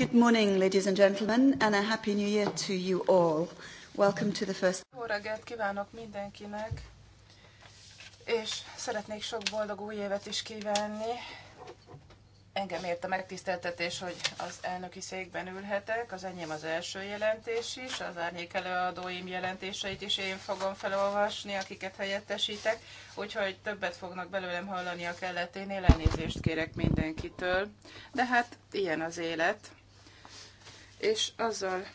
Good morning, ladies and gentlemen, and a happy new year to you all. Welcome to the first... Jó reggelt kívánok mindenkinek, és szeretnék sok boldog új évet is kívánni. Engem ért a megtiszteltetés, hogy az elnöki székben ülhetek, az enyém az első jelentés is, az árnyék előadóim jelentéseit is én fogom felolvasni, akiket helyettesítek, úgyhogy többet fognak belőlem hallani a kelleténél, elnézést kérek mindenkitől. De hát ilyen az élet és azzal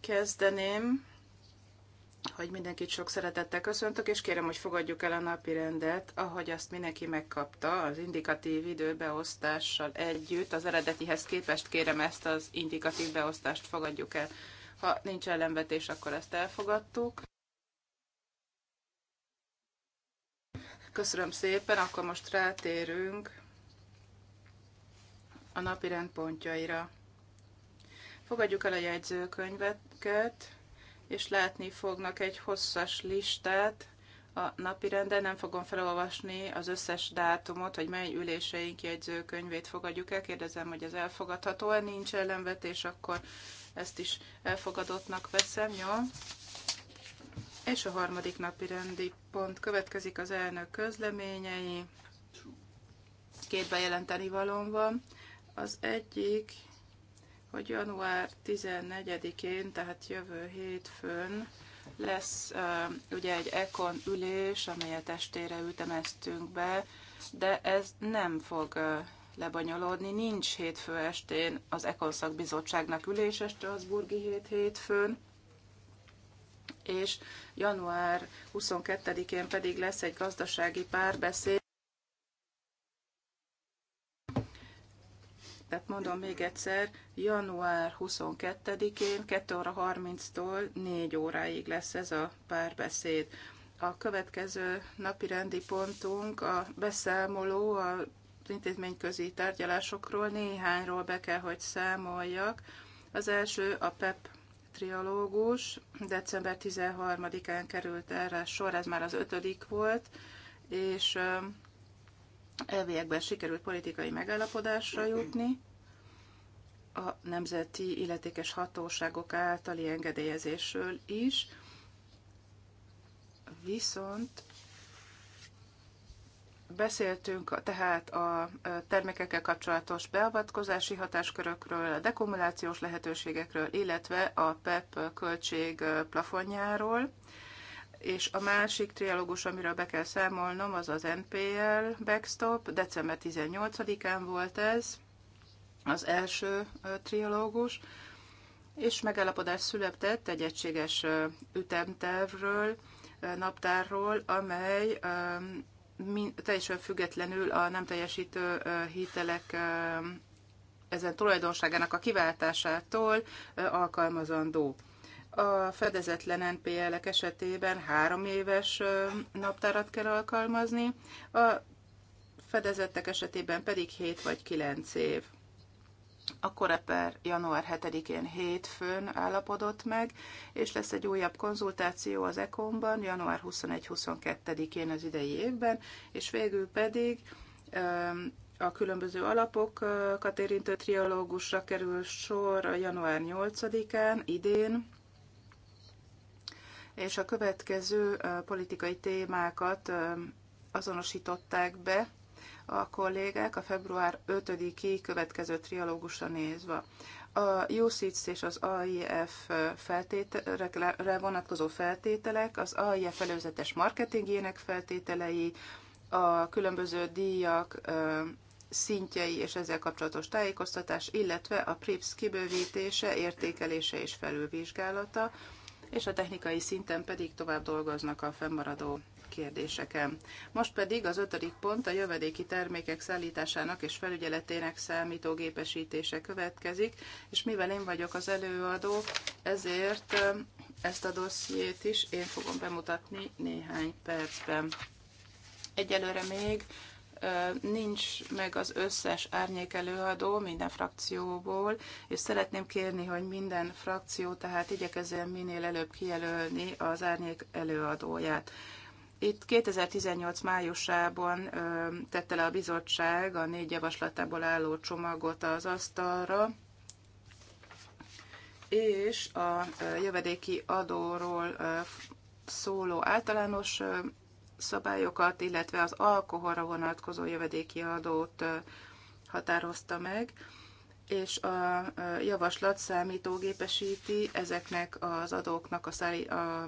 kezdeném, hogy mindenkit sok szeretettel köszöntök, és kérem, hogy fogadjuk el a napi rendet, ahogy azt mindenki megkapta, az indikatív időbeosztással együtt, az eredetihez képest kérem ezt az indikatív beosztást fogadjuk el. Ha nincs ellenvetés, akkor ezt elfogadtuk. Köszönöm szépen, akkor most rátérünk a napi rendpontjaira. Fogadjuk el a jegyzőkönyveket, és látni fognak egy hosszas listát a renden. Nem fogom felolvasni az összes dátumot, hogy mely üléseink jegyzőkönyvét fogadjuk el. Kérdezem, hogy ez elfogadható-e, nincs ellenvetés, akkor ezt is elfogadottnak veszem, jó? És a harmadik napi rendi pont következik az elnök közleményei. Két bejelenteni valóm van. Az egyik hogy január 14-én, tehát jövő hétfőn lesz uh, ugye egy ekon ülés, amelyet estére ütemeztünk be, de ez nem fog uh, lebonyolódni. Nincs hétfő estén az Ekon szakbizottságnak ülése Strasburgi hét hétfőn, és január 22-én pedig lesz egy gazdasági párbeszéd, Tehát mondom még egyszer, január 22-én 2 óra 30-tól 4 óráig lesz ez a párbeszéd. A következő napi rendi pontunk a beszámoló az intézményközi tárgyalásokról. Néhányról be kell, hogy számoljak. Az első a PEP triológus. December 13-án került erre sor, ez már az ötödik volt, és elviekben sikerült politikai megállapodásra jutni a nemzeti illetékes hatóságok általi engedélyezésről is, viszont beszéltünk tehát a termékekkel kapcsolatos beavatkozási hatáskörökről, a dekumulációs lehetőségekről, illetve a PEP e költség plafonjáról és a másik trialógus, amiről be kell számolnom, az az NPL backstop. December 18-án volt ez, az első trialógus, és megállapodás született egy egységes ütemtervről, naptárról, amely teljesen függetlenül a nem teljesítő hitelek ezen tulajdonságának a kiváltásától alkalmazandó a fedezetlen NPL-ek esetében három éves naptárat kell alkalmazni, a fedezettek esetében pedig 7 vagy 9 év. A Koreper január 7-én hétfőn állapodott meg, és lesz egy újabb konzultáció az ECOM-ban január 21-22-én az idei évben, és végül pedig a különböző alapokat érintő triológusra kerül sor január 8-án idén, és a következő politikai témákat azonosították be a kollégák a február 5-i következő trialógusra nézve. A UCITS és az AIF feltételekre vonatkozó feltételek, az AIF előzetes marketingjének feltételei, a különböző díjak szintjei és ezzel kapcsolatos tájékoztatás, illetve a PRIPS kibővítése, értékelése és felülvizsgálata, és a technikai szinten pedig tovább dolgoznak a fennmaradó kérdéseken. Most pedig az ötödik pont a jövedéki termékek szállításának és felügyeletének számítógépesítése következik, és mivel én vagyok az előadó, ezért eh, ezt a dossziét is én fogom bemutatni néhány percben. Egyelőre még nincs meg az összes árnyék előadó minden frakcióból, és szeretném kérni, hogy minden frakció tehát igyekezzen minél előbb kijelölni az árnyék előadóját. Itt 2018 májusában ö, tette le a bizottság a négy javaslatából álló csomagot az asztalra, és a jövedéki adóról szóló általános szabályokat, illetve az alkoholra vonatkozó jövedéki adót határozta meg, és a javaslat számítógépesíti ezeknek az adóknak a, a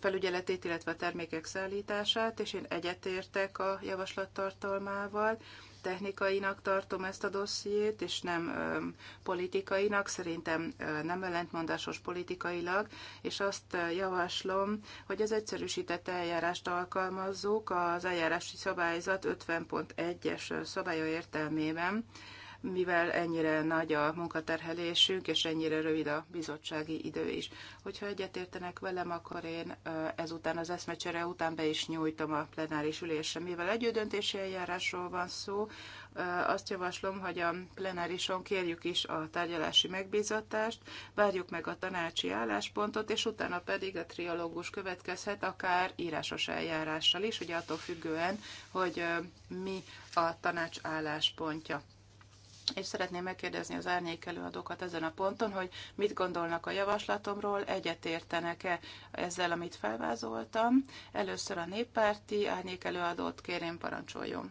felügyeletét, illetve a termékek szállítását, és én egyetértek a javaslat tartalmával, technikainak tartom ezt a dossziét, és nem politikainak, szerintem nem ellentmondásos politikailag, és azt javaslom, hogy az egyszerűsített eljárást alkalmazzuk az eljárási szabályzat 50.1-es szabálya értelmében, mivel ennyire nagy a munkaterhelésünk, és ennyire rövid a bizottsági idő is. Hogyha egyetértenek velem, akkor én ezután az eszmecsere után be is nyújtom a plenáris ülésre. Mivel együttdöntési eljárásról van szó, azt javaslom, hogy a plenárison kérjük is a tárgyalási megbízatást, várjuk meg a tanácsi álláspontot, és utána pedig a trialógus következhet, akár írásos eljárással is, ugye attól függően, hogy mi a tanács álláspontja és szeretném megkérdezni az árnyék előadókat ezen a ponton, hogy mit gondolnak a javaslatomról, egyetértenek-e ezzel, amit felvázoltam. Először a néppárti árnyék előadót kérem parancsoljon.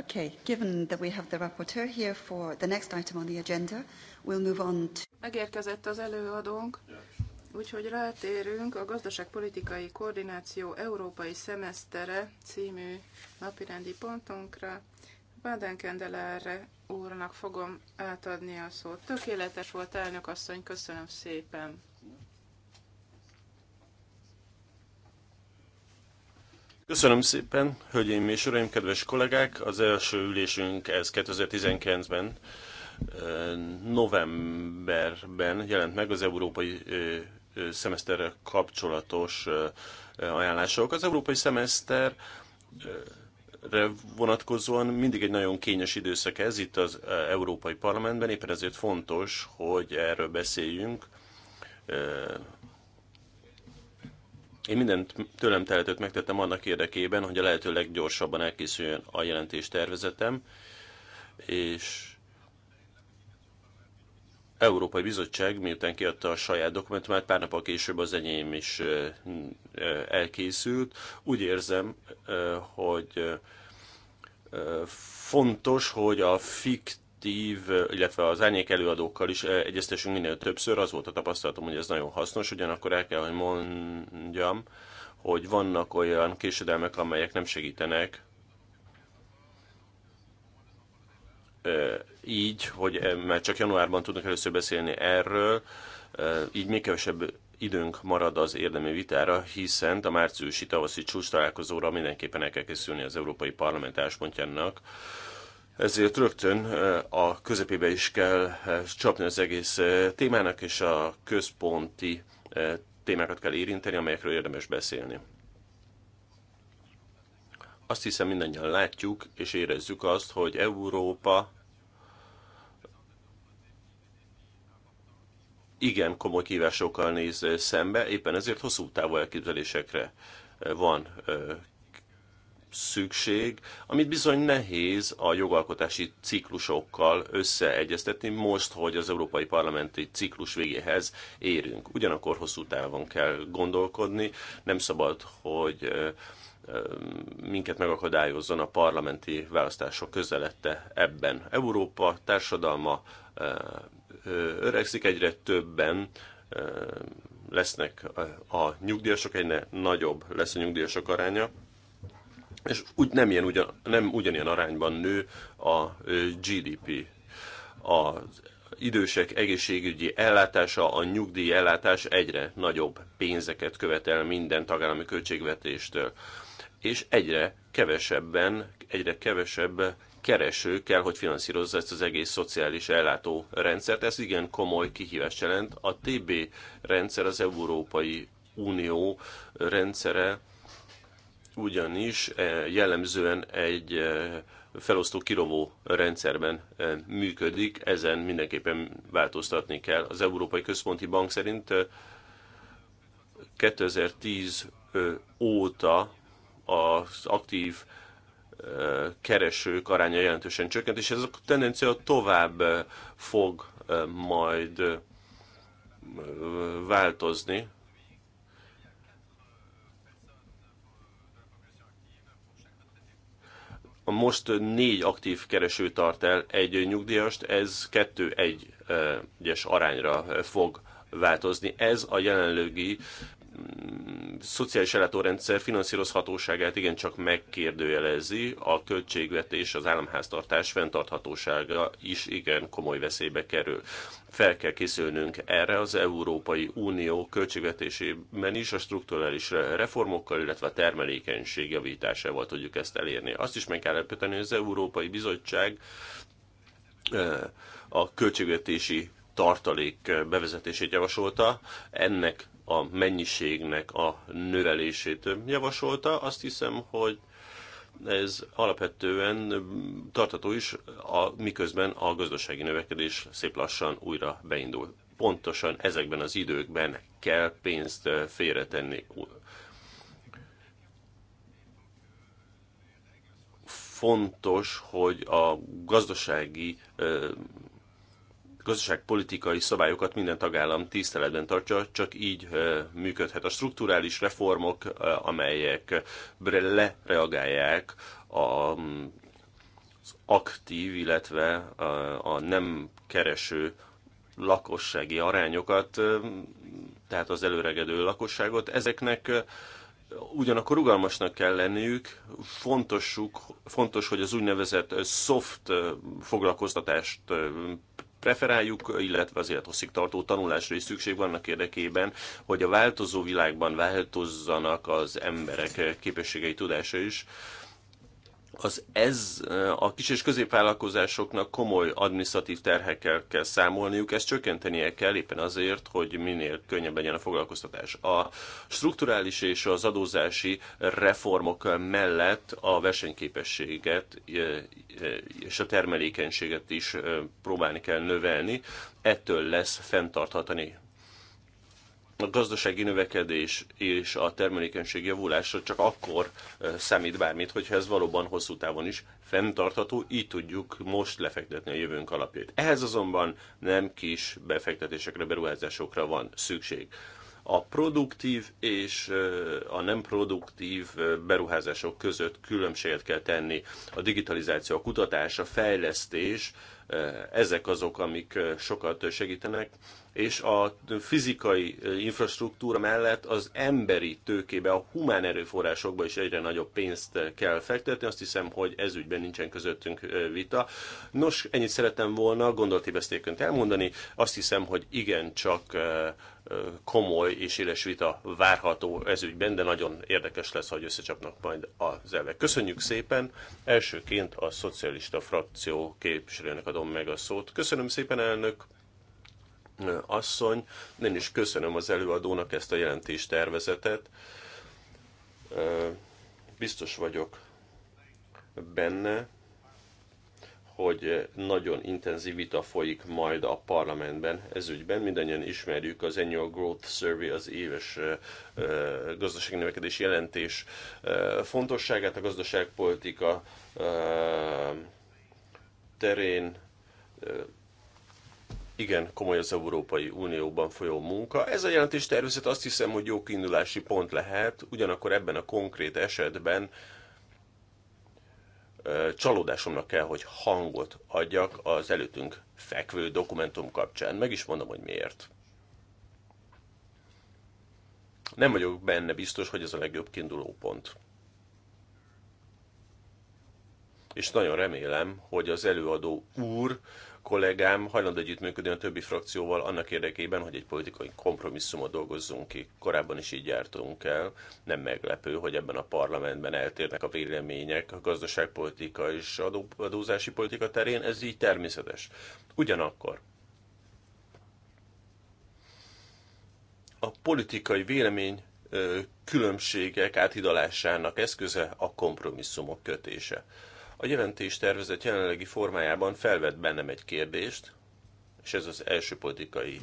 Okay, given that we have the rapporteur here for the next item on the agenda, we'll move on to... Megérkezett az előadónk, úgyhogy rátérünk a gazdaságpolitikai koordináció európai szemesztere című napirendi pontunkra. Baden Kendelerre úrnak fogom átadni a szót. Tökéletes volt elnök asszony, köszönöm szépen. Köszönöm szépen, hölgyeim és uraim, kedves kollégák! Az első ülésünk ez 2019-ben, novemberben jelent meg az európai szemeszterre kapcsolatos ajánlások. Az európai szemeszter vonatkozóan mindig egy nagyon kényes időszak ez itt az Európai Parlamentben, éppen ezért fontos, hogy erről beszéljünk én mindent tőlem telhetőt megtettem annak érdekében, hogy a lehető leggyorsabban elkészüljön a jelentés tervezetem, és Európai Bizottság, miután kiadta a saját dokumentumát, pár nappal később az enyém is elkészült. Úgy érzem, hogy fontos, hogy a FIK kollektív, illetve az árnyék előadókkal is eh, egyeztessünk minél többször. Az volt a tapasztalatom, hogy ez nagyon hasznos, ugyanakkor el kell, hogy mondjam, hogy vannak olyan késedelmek, amelyek nem segítenek, eh, így, hogy eh, már csak januárban tudnak először beszélni erről, így még kevesebb időnk marad az érdemi vitára, hiszen a márciusi tavaszi csúcs találkozóra mindenképpen el kell készülni az Európai Parlament álláspontjának ezért rögtön eh, a közepébe is kell eh, csapni az egész eh, témának, és a központi témákat kell érinteni, amelyekről érdemes beszélni. Azt hiszem mindannyian látjuk és érezzük azt, hogy Európa igen komoly kívásokkal néz szembe, éppen ezért hosszú távú elképzelésekre van szükség, amit bizony nehéz a jogalkotási ciklusokkal összeegyeztetni most, hogy az európai parlamenti ciklus végéhez érünk. Ugyanakkor hosszú távon kell gondolkodni, nem szabad, hogy minket megakadályozzon a parlamenti választások közelette ebben. Európa társadalma öregszik, egyre többen lesznek a nyugdíjasok, egyre nagyobb lesz a nyugdíjasok aránya, és úgy nem, ilyen ugyan, nem ugyanilyen arányban nő a GDP. Az idősek egészségügyi ellátása, a nyugdíj ellátás egyre nagyobb pénzeket követel minden tagállami költségvetéstől, és egyre kevesebben, egyre kevesebb kereső kell, hogy finanszírozza ezt az egész szociális ellátó rendszert. Ez igen komoly kihívás jelent. A TB rendszer az Európai Unió rendszere ugyanis eh, jellemzően egy eh, felosztó kirovó rendszerben eh, működik, ezen mindenképpen változtatni kell. Az Európai Központi Bank szerint 2010 óta az aktív keresők aránya jelentősen csökkent, és ez a tendencia tovább fog majd változni. A most négy aktív kereső tart el egy nyugdíjast, ez kettő egyes arányra fog változni. Ez a jelenlegi szociális ellátórendszer finanszírozhatóságát igencsak megkérdőjelezi, a költségvetés, az államháztartás fenntarthatósága is igen komoly veszélybe kerül. Fel kell készülnünk erre az Európai Unió költségvetésében is a strukturális reformokkal, illetve a termelékenység javításával tudjuk ezt elérni. Azt is meg kell lepíteni, hogy az Európai Bizottság a költségvetési tartalék bevezetését javasolta. Ennek a mennyiségnek a növelését javasolta. Azt hiszem, hogy ez alapvetően tartató is, a, miközben a gazdasági növekedés szép lassan újra beindul. Pontosan ezekben az időkben kell pénzt eh, félretenni. Fontos, hogy a gazdasági eh, gazdaságpolitikai szabályokat minden tagállam tiszteletben tartja, csak így működhet a strukturális reformok, amelyek lereagálják a mm, aktív, illetve a nem kereső lakossági arányokat, tehát az előregedő lakosságot. Ezeknek ugyanakkor rugalmasnak kell lenniük, fontosuk, fontos, hogy az úgynevezett soft foglalkoztatást preferáljuk, illetve azért, hosszig tartó tanulásra is szükség van annak érdekében, hogy a változó világban változzanak az emberek képességei, tudása is az ez a kis és középvállalkozásoknak komoly adminisztratív terhekkel kell számolniuk, ezt csökkentenie kell éppen azért, hogy minél könnyebb legyen a foglalkoztatás. A strukturális és az adózási reformok mellett a versenyképességet és a termelékenységet is próbálni kell növelni, ettől lesz fenntarthatani a gazdasági növekedés és a termelékenység javulása csak akkor számít bármit, hogyha ez valóban hosszú távon is fenntartható, így tudjuk most lefektetni a jövőnk alapjait. Ehhez azonban nem kis befektetésekre, beruházásokra van szükség. A produktív és a nem produktív beruházások között különbséget kell tenni. A digitalizáció, a kutatás, a fejlesztés, ezek azok, amik sokat segítenek és a fizikai infrastruktúra mellett az emberi tőkébe, a humán erőforrásokba is egyre nagyobb pénzt kell fektetni. Azt hiszem, hogy ez ügyben nincsen közöttünk vita. Nos, ennyit szerettem volna gondolatébesztékönt elmondani. Azt hiszem, hogy igen, csak komoly és éles vita várható ez ügyben, de nagyon érdekes lesz, hogy összecsapnak majd az elvek. Köszönjük szépen! Elsőként a szocialista frakció képviselőnek adom meg a szót. Köszönöm szépen, elnök! asszony. Én is köszönöm az előadónak ezt a jelentést tervezetet. Biztos vagyok benne, hogy nagyon intenzív vita folyik majd a parlamentben ezügyben. Mindannyian ismerjük az Annual Growth Survey, az éves gazdasági növekedés jelentés fontosságát a gazdaságpolitika terén igen komoly az Európai Unióban folyó munka. Ez a jelentés tervezet azt hiszem, hogy jó kiindulási pont lehet, ugyanakkor ebben a konkrét esetben csalódásomnak kell, hogy hangot adjak az előttünk fekvő dokumentum kapcsán. Meg is mondom, hogy miért. Nem vagyok benne biztos, hogy ez a legjobb kiinduló pont és nagyon remélem, hogy az előadó úr kollégám hajlandó együttműködni a többi frakcióval annak érdekében, hogy egy politikai kompromisszumot dolgozzunk ki. Korábban is így jártunk el. Nem meglepő, hogy ebben a parlamentben eltérnek a vélemények a gazdaságpolitika és adó, adózási politika terén. Ez így természetes. Ugyanakkor a politikai vélemény különbségek áthidalásának eszköze a kompromisszumok kötése. A jelentés tervezet jelenlegi formájában felvet bennem egy kérdést, és ez az első politikai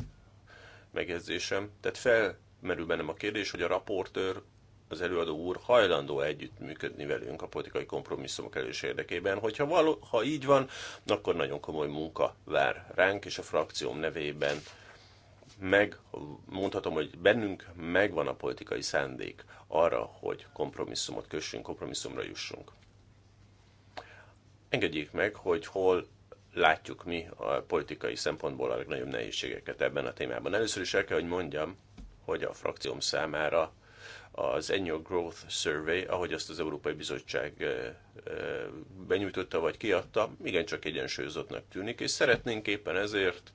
megjegyzésem. Tehát felmerül bennem a kérdés, hogy a raportőr, az előadó úr hajlandó együttműködni velünk a politikai kompromisszumok elős érdekében. Hogyha való, ha így van, akkor nagyon komoly munka vár ránk, és a frakcióm nevében meg, mondhatom, hogy bennünk megvan a politikai szándék arra, hogy kompromisszumot kössünk, kompromisszumra jussunk. Engedjék meg, hogy hol látjuk mi a politikai szempontból a legnagyobb nehézségeket ebben a témában. Először is el kell, hogy mondjam, hogy a frakcióm számára az Annual Growth Survey, ahogy azt az Európai Bizottság benyújtotta vagy kiadta, igencsak egyensúlyozottnak tűnik, és szeretnénk éppen ezért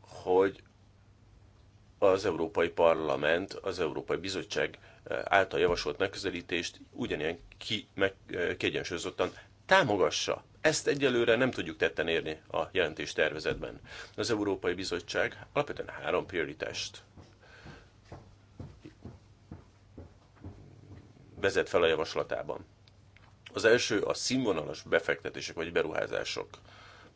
hogy az Európai Parlament, az Európai Bizottság által javasolt megközelítést ugyanilyen ki, meg, kiegyensúlyozottan támogassa. Ezt egyelőre nem tudjuk tetten érni a jelentés tervezetben. Az Európai Bizottság alapvetően három prioritást vezet fel a javaslatában. Az első a színvonalas befektetések vagy beruházások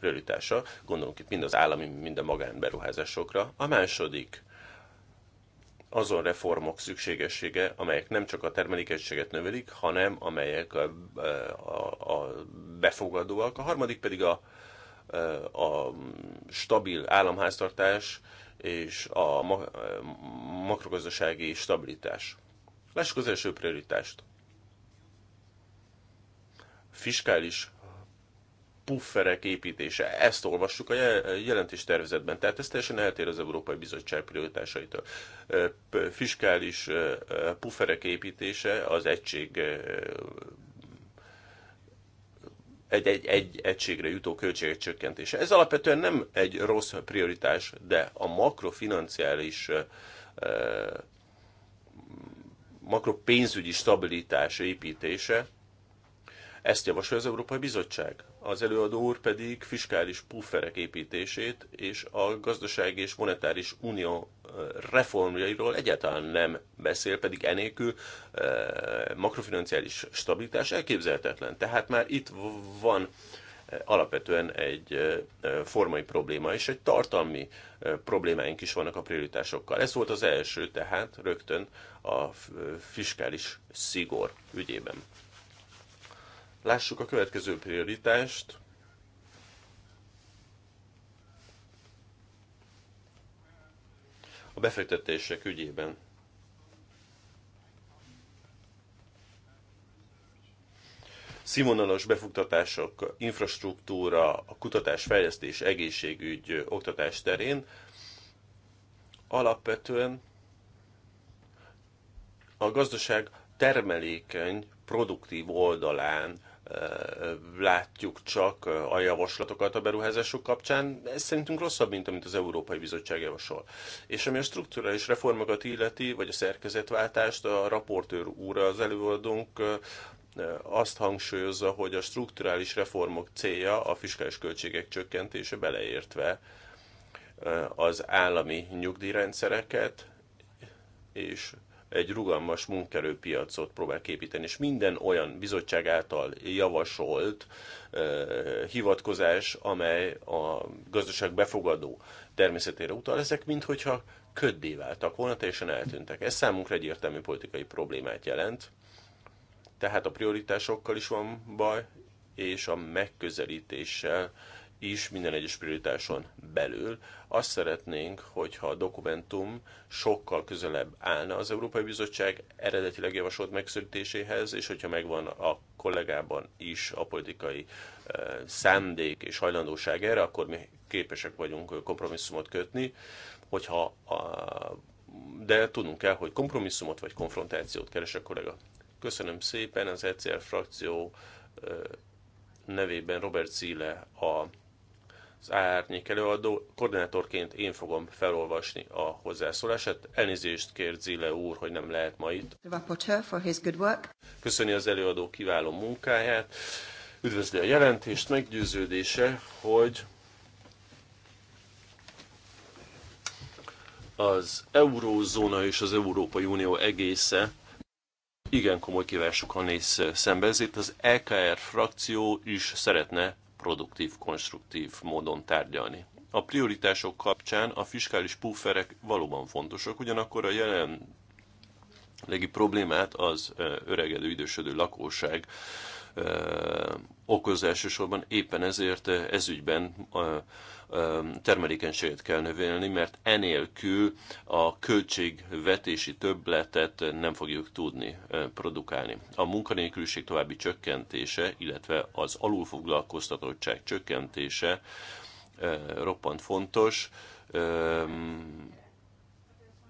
prioritása, gondolunk itt mind az állami, mind a magánberuházásokra. A második azon reformok szükségessége, amelyek nem csak a termelékenységet növelik, hanem amelyek a, a, a befogadóak. A harmadik pedig a, a stabil államháztartás és a makrogazdasági stabilitás. Lássuk az első prioritást. Fiskális pufferek építése. Ezt olvassuk a jelentés tervezetben. Tehát ez teljesen eltér az Európai Bizottság prioritásaitól. Fiskális pufferek építése az egység egy, egy, egy egységre jutó költségek csökkentése. Ez alapvetően nem egy rossz prioritás, de a makrofinanciális makropénzügyi stabilitás építése ezt javasolja az Európai Bizottság. Az előadó úr pedig fiskális pufferek építését és a gazdasági és monetáris unió reformjairól egyáltalán nem beszél, pedig enélkül makrofinanciális stabilitás elképzelhetetlen. Tehát már itt van alapvetően egy formai probléma és egy tartalmi problémáink is vannak a prioritásokkal. Ez volt az első, tehát rögtön a fiskális szigor ügyében. Lássuk a következő prioritást. A befektetések ügyében. színvonalas befuttatások, infrastruktúra, a kutatás, fejlesztés, egészségügy, oktatás terén alapvetően a gazdaság termelékeny, produktív oldalán látjuk csak a javaslatokat a beruházások kapcsán, ez szerintünk rosszabb, mint amit az Európai Bizottság javasol. És ami a strukturális reformokat illeti, vagy a szerkezetváltást, a raportőr úr az előadónk azt hangsúlyozza, hogy a strukturális reformok célja a fiskális költségek csökkentése beleértve az állami nyugdíjrendszereket, és egy rugalmas munkerőpiacot próbál képíteni, és minden olyan bizottság által javasolt uh, hivatkozás, amely a gazdaság befogadó természetére utal, ezek minthogyha köddé váltak volna, teljesen eltűntek. Ez számunkra egy értelmi politikai problémát jelent, tehát a prioritásokkal is van baj, és a megközelítéssel is minden egyes prioritáson belül. Azt szeretnénk, hogyha a dokumentum sokkal közelebb állna az Európai Bizottság eredetileg javasolt megszültéséhez, és hogyha megvan a kollégában is a politikai eh, szándék és hajlandóság erre, akkor mi képesek vagyunk kompromisszumot kötni, hogyha a, de tudnunk kell, hogy kompromisszumot vagy konfrontációt keres a kollega. Köszönöm szépen az ECR frakció eh, nevében Robert Zile a az árnyék előadó, koordinátorként én fogom felolvasni a hozzászólását. Elnézést kért Zile úr, hogy nem lehet ma itt. Köszöni az előadó kiváló munkáját, üdvözli a jelentést, meggyőződése, hogy az eurózóna és az Európai Unió egésze igen komoly kívásokkal néz szembe, ezért az EKR frakció is szeretne produktív, konstruktív módon tárgyalni. A prioritások kapcsán a fiskális pufferek valóban fontosak, ugyanakkor a jelen legi problémát az öregedő, idősödő lakóság okoz elsősorban éppen ezért ezügyben termelékenységet kell növelni, mert enélkül a költségvetési többletet nem fogjuk tudni produkálni. A munkanélküliség további csökkentése, illetve az alulfoglalkoztatottság csökkentése roppant fontos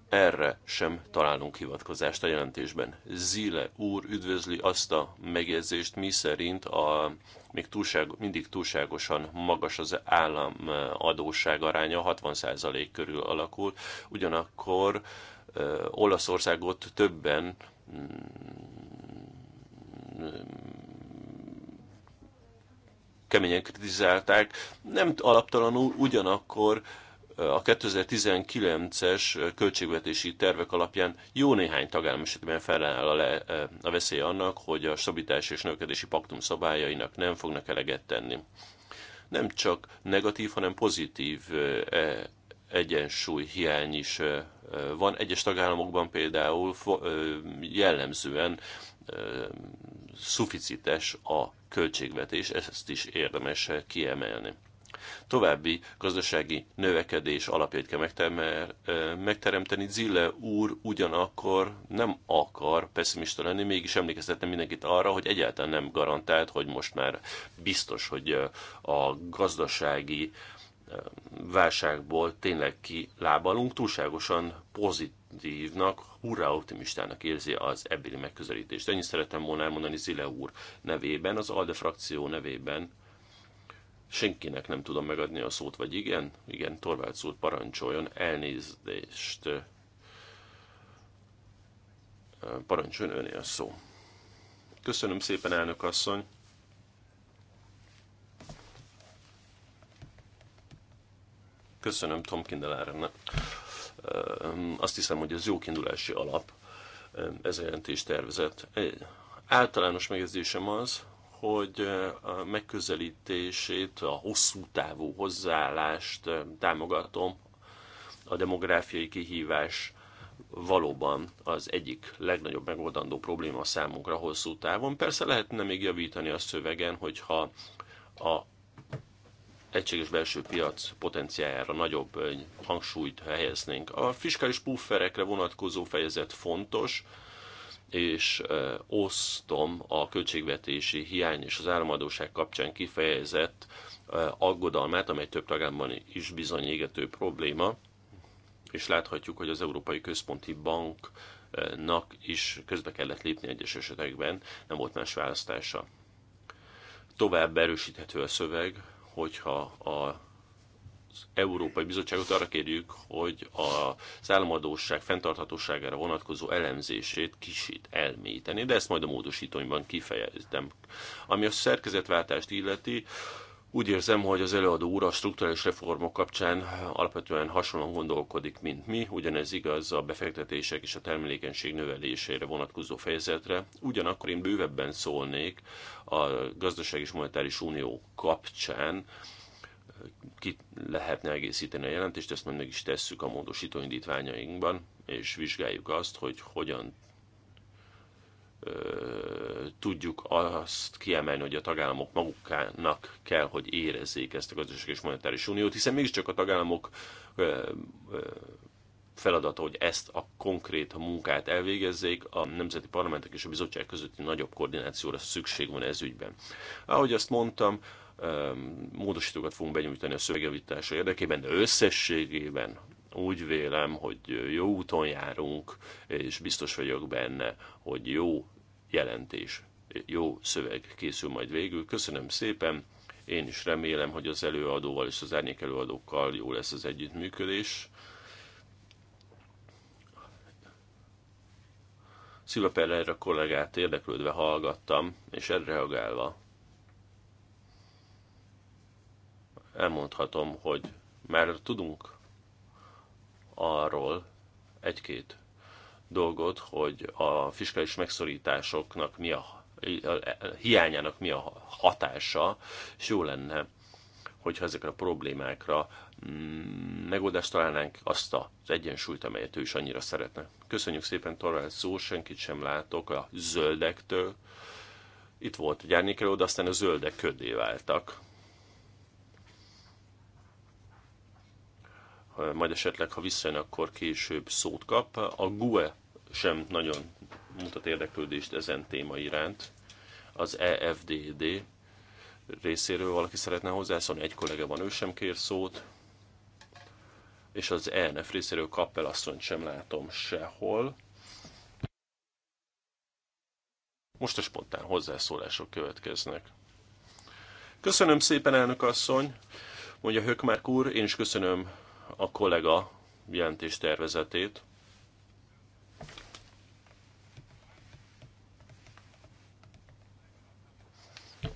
erre sem találunk hivatkozást a jelentésben. Zile úr üdvözli azt a megjegyzést, mi szerint a, még túlság, mindig túlságosan magas az állam eh, adósság aránya, 60% körül alakul, ugyanakkor ö, eh, Olaszországot többen mm, mm, mm, keményen kritizálták, nem alaptalanul, ugyanakkor ö, a 2019-es költségvetési tervek alapján jó néhány tagállam esetében feláll a, le, a veszély annak, hogy a stabilitás és növekedési paktum szabályainak nem fognak eleget tenni. Nem csak negatív, hanem pozitív e, egyensúly hiány is van. Egyes tagállamokban például jellemzően szuficites a költségvetés, ezt is érdemes kiemelni további gazdasági növekedés alapjait kell megteremteni. Zille úr ugyanakkor nem akar pessimista lenni, mégis emlékeztetem mindenkit arra, hogy egyáltalán nem garantált, hogy most már biztos, hogy a gazdasági válságból tényleg kilábalunk, túlságosan pozitívnak, hurrá optimistának érzi az ebbéli megközelítést. Ennyit szeretem volna elmondani Zile úr nevében, az ALDE frakció nevében Senkinek nem tudom megadni a szót, vagy igen? Igen, Torvalds úr parancsoljon, elnézést. Parancsoljon öné a szó. Köszönöm szépen, elnök asszony. Köszönöm Tom Kindelárennek. Azt hiszem, hogy ez jó kiindulási alap ez a jelentés tervezet. Általános megjegyzésem az, hogy a megközelítését, a hosszú távú hozzáállást támogatom. A demográfiai kihívás valóban az egyik legnagyobb megoldandó probléma számunkra hosszú távon. Persze lehetne még javítani a szövegen, hogyha a egységes belső piac potenciájára nagyobb hangsúlyt helyeznénk. A fiskális pufferekre vonatkozó fejezet fontos, és osztom a költségvetési hiány és az államadóság kapcsán kifejezett aggodalmát, amely több tagállamban is bizony égető probléma, és láthatjuk, hogy az Európai Központi Banknak is közbe kellett lépni egyes esetekben, nem volt más választása. Tovább erősíthető a szöveg, hogyha a Európai Bizottságot arra kérjük, hogy az államadóság fenntarthatóságára vonatkozó elemzését kicsit elmélyíteni, de ezt majd a módosítóimban kifejezem. Ami a szerkezetváltást illeti, úgy érzem, hogy az előadó úr a strukturális reformok kapcsán alapvetően hasonlóan gondolkodik, mint mi, ugyanez igaz a befektetések és a termelékenység növelésére vonatkozó fejezetre. Ugyanakkor én bővebben szólnék a gazdaság és monetáris unió kapcsán ki lehetne egészíteni a jelentést, ezt majd meg is tesszük a módosító indítványainkban, és vizsgáljuk azt, hogy hogyan tudjuk azt kiemelni, hogy a tagállamok magukának kell, hogy érezzék ezt a gazdaság és monetáris uniót, hiszen mégiscsak a tagállamok feladata, hogy ezt a konkrét munkát elvégezzék, a nemzeti parlamentek és a bizottság közötti nagyobb koordinációra szükség van ez ügyben. Ahogy azt mondtam, módosítókat fogunk benyújtani a szövegjavítása érdekében, de összességében úgy vélem, hogy jó úton járunk, és biztos vagyok benne, hogy jó jelentés, jó szöveg készül majd végül. Köszönöm szépen! Én is remélem, hogy az előadóval és az árnyék előadókkal jó lesz az együttműködés. Szilva a kollégát érdeklődve hallgattam, és erre reagálva elmondhatom, hogy már tudunk arról egy-két dolgot, hogy a fiskális megszorításoknak mi a, a hiányának mi a hatása, és jó lenne, hogyha ezekre a problémákra mm, megoldást találnánk azt az egyensúlyt, amelyet ő is annyira szeretne. Köszönjük szépen, Torvald szó, senkit sem látok a zöldektől. Itt volt a gyárnyékelő, de aztán a zöldek ködé váltak. majd esetleg, ha visszajön, akkor később szót kap. A GUE sem nagyon mutat érdeklődést ezen téma iránt. Az EFDD részéről valaki szeretne hozzászólni, egy kollega van, ő sem kér szót, és az ENF részéről Kappel asszonyt sem látom sehol. Most a spontán hozzászólások következnek. Köszönöm szépen, elnök asszony, mondja Hökmárk úr, én is köszönöm a kollega jelentés tervezetét.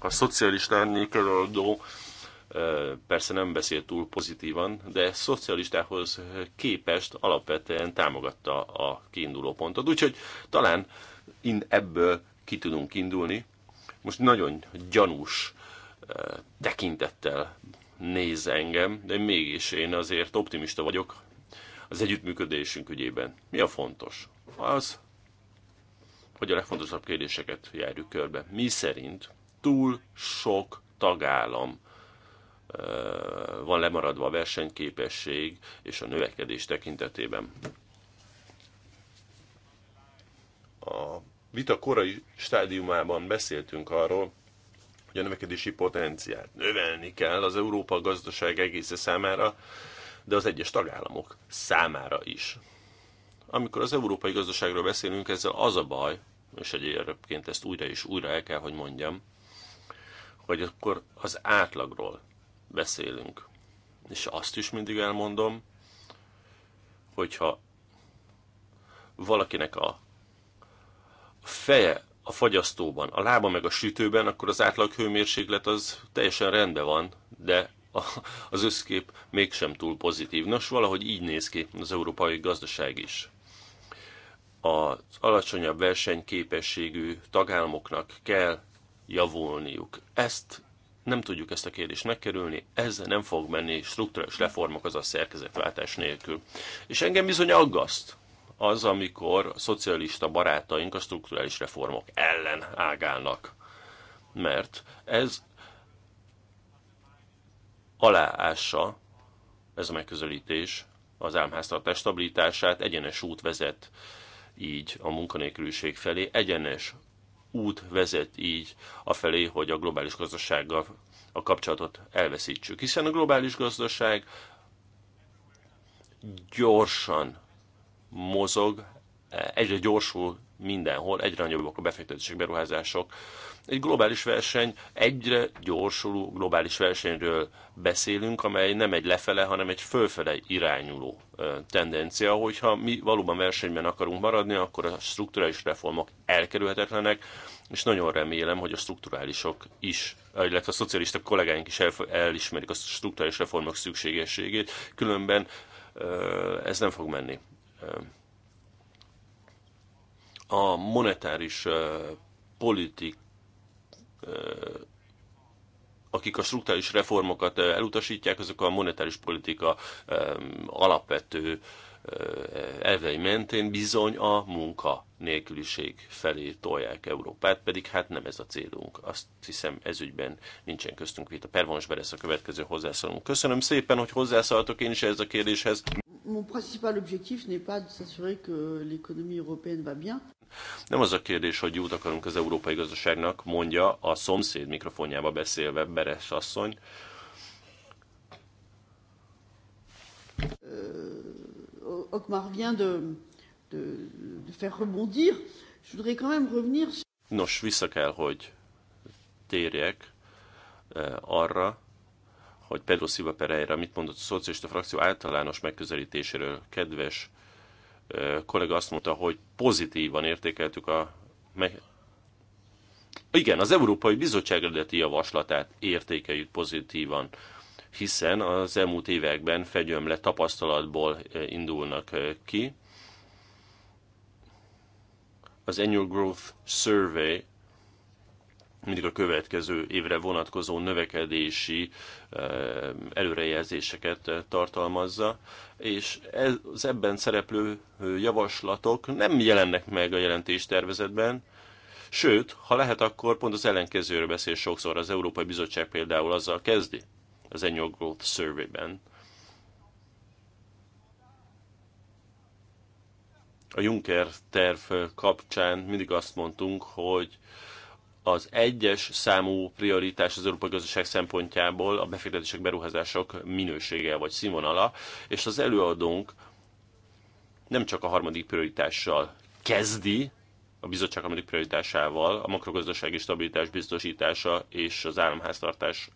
A szocialista árnyékeladó e, persze nem beszélt túl pozitívan, de szocialistához képest alapvetően támogatta a kiinduló pontot. Úgyhogy talán in ebből ki tudunk indulni. Most nagyon gyanús e, tekintettel néz engem, de mégis én azért optimista vagyok az együttműködésünk ügyében. Mi a fontos? Az, hogy a legfontosabb kérdéseket járjuk körbe. Mi szerint túl sok tagállam van lemaradva a versenyképesség és a növekedés tekintetében. A vita korai stádiumában beszéltünk arról, hogy a növekedési potenciált növelni kell az Európa gazdaság egésze számára, de az egyes tagállamok számára is. Amikor az európai gazdaságról beszélünk, ezzel az a baj, és egyébként ezt újra és újra el kell, hogy mondjam, hogy akkor az átlagról beszélünk. És azt is mindig elmondom, hogyha valakinek a feje a fagyasztóban, a lába meg a sütőben, akkor az átlag hőmérséklet az teljesen rendben van, de a, az összkép mégsem túl pozitív. Nos, valahogy így néz ki az európai gazdaság is. Az alacsonyabb versenyképességű tagállamoknak kell javulniuk. Ezt nem tudjuk ezt a kérdést megkerülni, ez nem fog menni strukturális reformok, a szerkezetváltás nélkül. És engem bizony aggaszt az, amikor a szocialista barátaink a strukturális reformok ellen ágálnak. Mert ez aláássa, ez a megközelítés, az álmháztartás stabilitását, egyenes út vezet így a munkanélküliség felé, egyenes út vezet így a felé, hogy a globális gazdasággal a kapcsolatot elveszítsük. Hiszen a globális gazdaság gyorsan mozog, egyre gyorsul mindenhol, egyre nagyobbak a befektetések, beruházások. Egy globális verseny, egyre gyorsuló globális versenyről beszélünk, amely nem egy lefele, hanem egy fölfele irányuló tendencia, hogyha mi valóban versenyben akarunk maradni, akkor a strukturális reformok elkerülhetetlenek, és nagyon remélem, hogy a strukturálisok is, illetve a szocialista kollégáink is el, elismerik a strukturális reformok szükségességét, különben ez nem fog menni a monetáris politik, akik a struktúrális reformokat elutasítják, azok a monetáris politika alapvető elvei mentén bizony a munka nélküliség felé tolják Európát, pedig hát nem ez a célunk. Azt hiszem ezügyben nincsen köztünk vita. Pervons Beresz a következő hozzászólunk. Köszönöm szépen, hogy hozzászálltok én is ez a kérdéshez mon principal objectif n'est pas de s'assurer que l'économie européenne va bien. Nem az a kérdés, hogy jót akarunk az európai gazdaságnak, mondja a szomszéd mikrofonjába beszélve Beres asszony. Euh, Okmar vient de, de, de faire rebondir. Je voudrais quand même revenir Nos, vissza kell, hogy térjek eh, arra, hogy Pedro Silva Pereira mit mondott a szocialista frakció általános megközelítéséről. Kedves kollega azt mondta, hogy pozitívan értékeltük a... Igen, az Európai Bizottság eredeti javaslatát értékeljük pozitívan, hiszen az elmúlt években fegyömle tapasztalatból indulnak ki. Az Annual Growth Survey mindig a következő évre vonatkozó növekedési eh, előrejelzéseket eh, tartalmazza, és ez, az ebben szereplő eh, javaslatok nem jelennek meg a jelentés tervezetben. sőt, ha lehet, akkor pont az ellenkezőről beszél sokszor az Európai Bizottság például azzal kezdi az Annual Growth Survey-ben, a Juncker terv kapcsán mindig azt mondtunk, hogy az egyes számú prioritás az európai gazdaság szempontjából a befektetések, beruházások minősége vagy színvonala, és az előadónk nem csak a harmadik prioritással kezdi, a bizottság harmadik prioritásával, a makrogazdasági stabilitás biztosítása és az államháztartás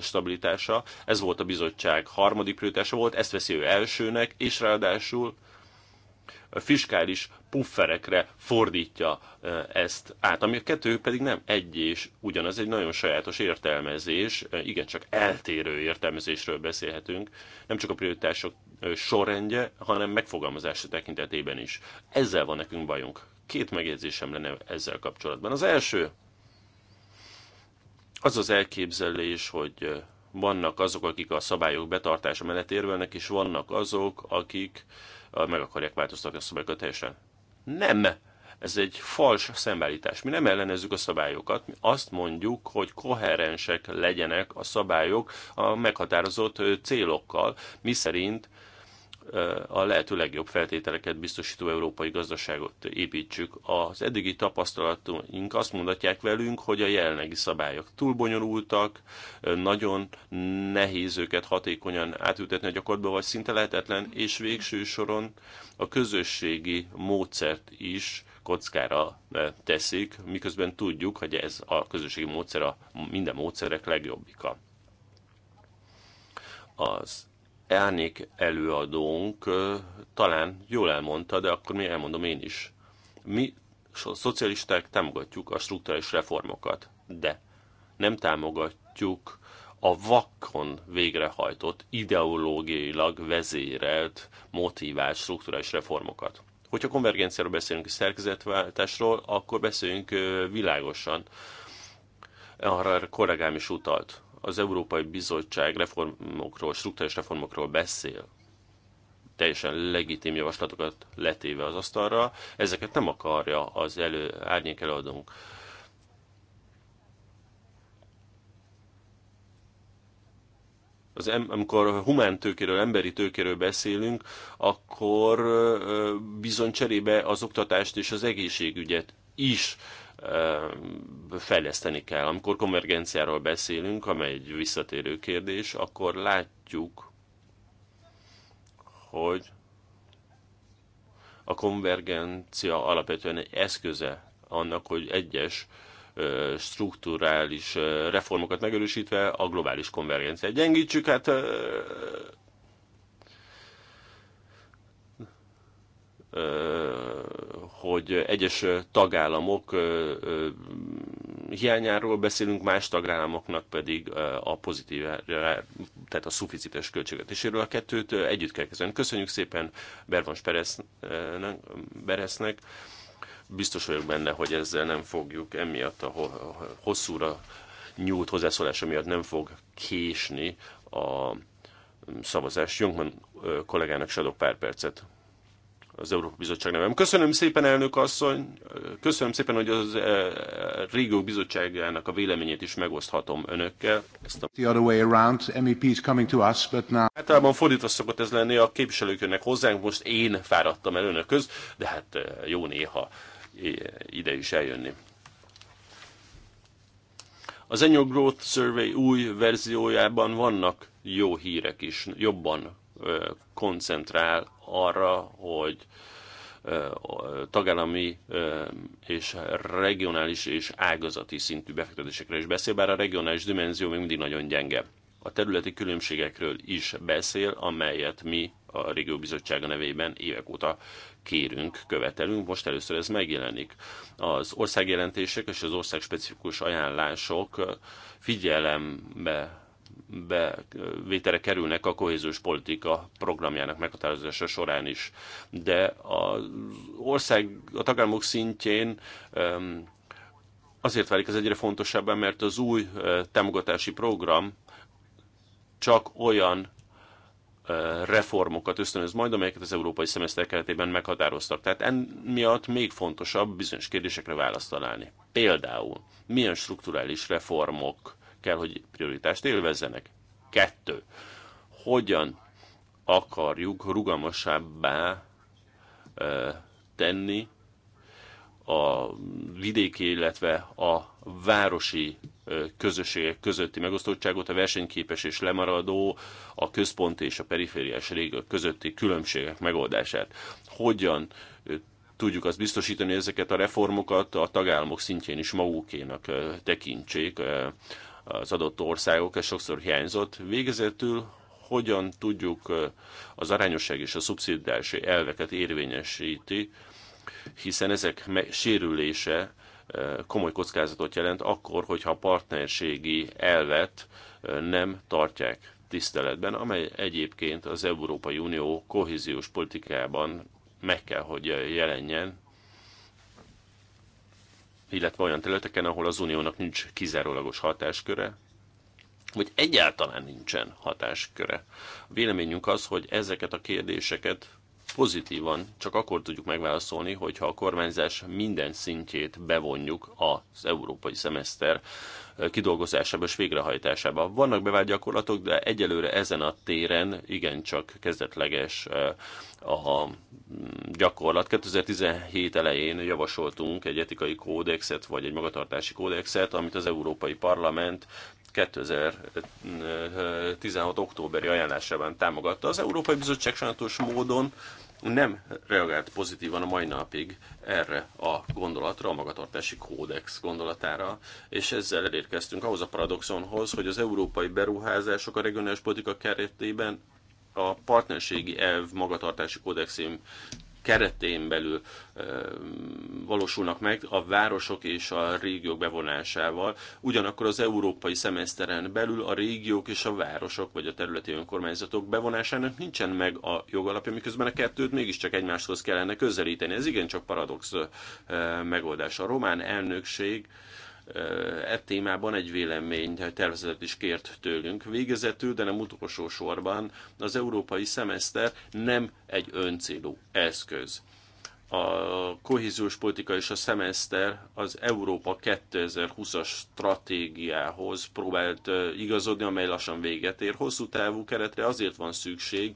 stabilitása. Ez volt a bizottság harmadik prioritása volt, ezt veszi ő elsőnek, és ráadásul fiskális pufferekre fordítja ezt át, ami a kettő pedig nem egy és ugyanaz, egy nagyon sajátos értelmezés, igencsak eltérő értelmezésről beszélhetünk, nem csak a prioritások sorrendje, hanem megfogalmazása tekintetében is. Ezzel van nekünk bajunk. Két megjegyzésem lenne ezzel kapcsolatban. Az első, az az elképzelés, hogy vannak azok, akik a szabályok betartása mellett érvelnek, és vannak azok, akik meg akarják változtatni a szabályokat teljesen. Nem! Ez egy fals szembeállítás. Mi nem ellenezzük a szabályokat, mi azt mondjuk, hogy koherensek legyenek a szabályok a meghatározott célokkal, mi szerint a lehető legjobb feltételeket biztosító európai gazdaságot építsük. Az eddigi tapasztalatunk azt mondatják velünk, hogy a jelenlegi szabályok túl bonyolultak, nagyon nehéz őket hatékonyan átültetni a gyakorlatba, vagy szinte lehetetlen, és végső soron a közösségi módszert is kockára eh, teszik, miközben tudjuk, hogy ez a közösségi módszer a minden módszerek legjobbika. Az Elnék előadónk talán jól elmondta, de akkor még elmondom én is. Mi a szocialisták támogatjuk a struktúrális reformokat, de nem támogatjuk a vakon végrehajtott, ideológiailag vezérelt, motivált struktúrális reformokat. Hogyha konvergenciáról beszélünk és szerkezetváltásról, akkor beszéljünk világosan. Arra a kollégám is utalt az Európai Bizottság reformokról, struktúrális reformokról beszél, teljesen legitim javaslatokat letéve az asztalra, ezeket nem akarja az elő, árnyék előadónk. az em, amikor humán tőkéről, emberi tőkéről beszélünk, akkor bizony cserébe az oktatást és az egészségügyet is fejleszteni kell. Amikor konvergenciáról beszélünk, amely egy visszatérő kérdés, akkor látjuk, hogy a konvergencia alapvetően egy eszköze annak, hogy egyes strukturális reformokat megerősítve a globális konvergenciát gyengítsük, hát hogy egyes tagállamok hiányáról beszélünk, más tagállamoknak pedig a pozitív, tehát a szuficites költségvetéséről a kettőt együtt kell kezdeni. Köszönjük szépen Bervans Beresznek. Biztos vagyok benne, hogy ezzel nem fogjuk emiatt a hosszúra nyújt hozzászólása miatt nem fog késni a szavazás. Jungman kollégának se adok pár percet az Európai Bizottság nevem. Köszönöm szépen, elnök asszony, köszönöm szépen, hogy az eh, Régió Bizottságának a véleményét is megoszthatom önökkel. Ezt a... The other way around, MEP is coming to us, but now... Általában fordítva szokott ez lenni, a képviselők jönnek hozzánk, most én fáradtam el önököz, de hát eh, jó néha eh, ide is eljönni. Az Annual Growth Survey új verziójában vannak jó hírek is, jobban koncentrál arra, hogy tagállami és regionális és ágazati szintű befektetésekre is beszél, bár a regionális dimenzió még mindig nagyon gyenge. A területi különbségekről is beszél, amelyet mi a Régió Bizottsága nevében évek óta kérünk, követelünk. Most először ez megjelenik. Az országjelentések és az országspecifikus ajánlások figyelembe bevétele kerülnek a kohéziós politika programjának meghatározása során is. De az ország, a tagállamok szintjén azért válik ez egyre fontosabb, mert az új eh, támogatási program csak olyan eh, reformokat ösztönöz majd, amelyeket az európai szemeszter keretében meghatároztak. Tehát emiatt még fontosabb bizonyos kérdésekre választ találni. Például milyen strukturális reformok kell, hogy prioritást élvezzenek. Kettő. Hogyan akarjuk rugalmasabbá tenni a vidéki, illetve a városi közösségek közötti megosztottságot, a versenyképes és lemaradó, a központi és a perifériás régök közötti különbségek megoldását. Hogyan tudjuk azt biztosítani, hogy ezeket a reformokat a tagállamok szintjén is magukénak tekintsék az adott országok, ez sokszor hiányzott. Végezetül hogyan tudjuk az arányosság és a szubszidiási elveket érvényesíti, hiszen ezek sérülése komoly kockázatot jelent akkor, hogyha a partnerségi elvet nem tartják tiszteletben, amely egyébként az Európai Unió kohéziós politikában meg kell, hogy jelenjen, illetve olyan területeken, ahol az uniónak nincs kizárólagos hatásköre, vagy egyáltalán nincsen hatásköre. A véleményünk az, hogy ezeket a kérdéseket pozitívan csak akkor tudjuk megválaszolni, hogyha a kormányzás minden szintjét bevonjuk az európai szemeszter kidolgozásába és végrehajtásába. Vannak bevált gyakorlatok, de egyelőre ezen a téren igencsak kezdetleges a mm, gyakorlat. 2017 elején javasoltunk egy etikai kódexet, vagy egy magatartási kódexet, amit az Európai Parlament 2016. októberi ajánlásában támogatta. Az Európai Bizottság sajnos módon nem reagált pozitívan a mai napig erre a gondolatra, a magatartási kódex gondolatára, és ezzel elérkeztünk ahhoz a paradoxonhoz, hogy az európai beruházások a regionális politika keretében a partnerségi elv magatartási kódexén keretén belül valósulnak meg a városok és a régiók bevonásával. Ugyanakkor az európai szemeszteren belül a régiók és a városok vagy a területi önkormányzatok bevonásának nincsen meg a jogalapja, miközben a kettőt mégiscsak egymáshoz kellene közelíteni. Ez igencsak paradox megoldás. A román elnökség e témában egy vélemény tervezetet is kért tőlünk. Végezetül, de nem utolsó sorban, az európai szemeszter nem egy öncélú eszköz. A kohéziós politika és a szemeszter az Európa 2020-as stratégiához próbált igazodni, amely lassan véget ér. Hosszú távú keretre azért van szükség,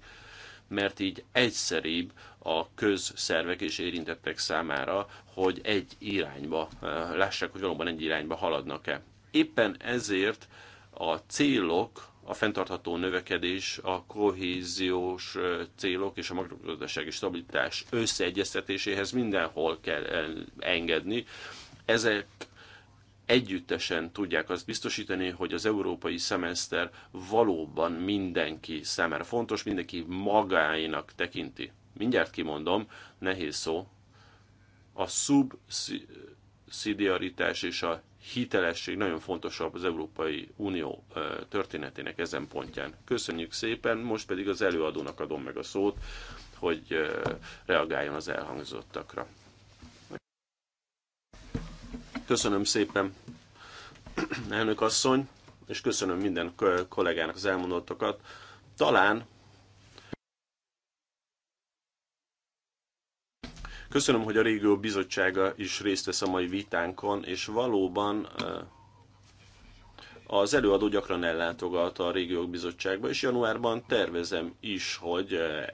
mert így egyszerűbb a közszervek és érintettek számára, hogy egy irányba, eh, lássák, hogy valóban egy irányba haladnak-e. Éppen ezért a célok, a fenntartható növekedés, a kohéziós eh, célok és a makrogazdasági stabilitás összeegyeztetéséhez mindenhol kell eh, engedni. Ezek együttesen tudják azt biztosítani, hogy az európai szemeszter valóban mindenki számára fontos, mindenki magáinak tekinti mindjárt kimondom, nehéz szó, a szubszidiaritás és a hitelesség nagyon fontosabb az Európai Unió történetének ezen pontján. Köszönjük szépen, most pedig az előadónak adom meg a szót, hogy reagáljon az elhangzottakra. Köszönöm szépen, elnök asszony, és köszönöm minden kollégának az elmondottakat. Talán Köszönöm, hogy a régió bizottsága is részt vesz a mai vitánkon, és valóban eh, az előadó gyakran ellátogat a régiók bizottságba, és januárban tervezem is, hogy eh,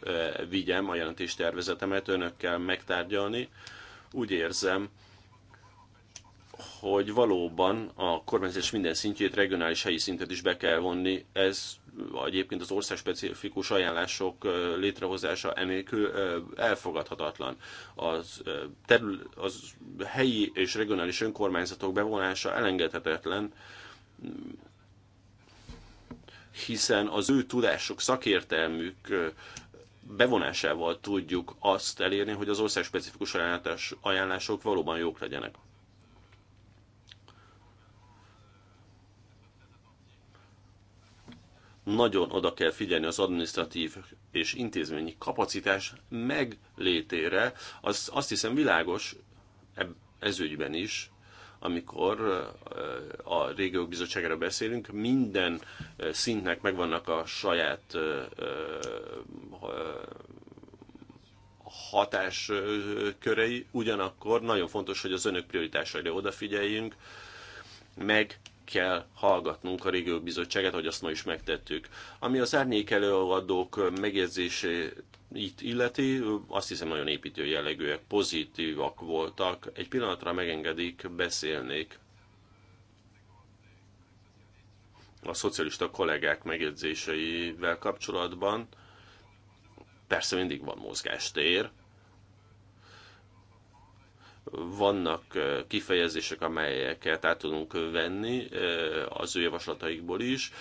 elvigyem eh, a tervezetemet önökkel megtárgyalni. Úgy érzem, hogy valóban a kormányzás minden szintjét, regionális helyi szintet is be kell vonni, ez egyébként az országspecifikus ajánlások létrehozása enélkül elfogadhatatlan. Az, terül, az helyi és regionális önkormányzatok bevonása elengedhetetlen, hiszen az ő tudásuk, szakértelmük bevonásával tudjuk azt elérni, hogy az országspecifikus ajánlások valóban jók legyenek. nagyon oda kell figyelni az administratív és intézményi kapacitás meglétére, az azt hiszem világos ezügyben is, amikor a régiók bizottságára beszélünk, minden szintnek megvannak a saját hatáskörei, ugyanakkor nagyon fontos, hogy az önök prioritásaira odafigyeljünk, meg kell hallgatnunk a régió bizottságát, hogy azt ma is megtettük. Ami az árnyék előadók megjegyzését illeti, azt hiszem nagyon építő jellegűek, pozitívak voltak. Egy pillanatra megengedik, beszélnék a szocialista kollégák megjegyzéseivel kapcsolatban. Persze mindig van mozgástér, vannak kifejezések, amelyeket át tudunk venni az ő javaslataikból is.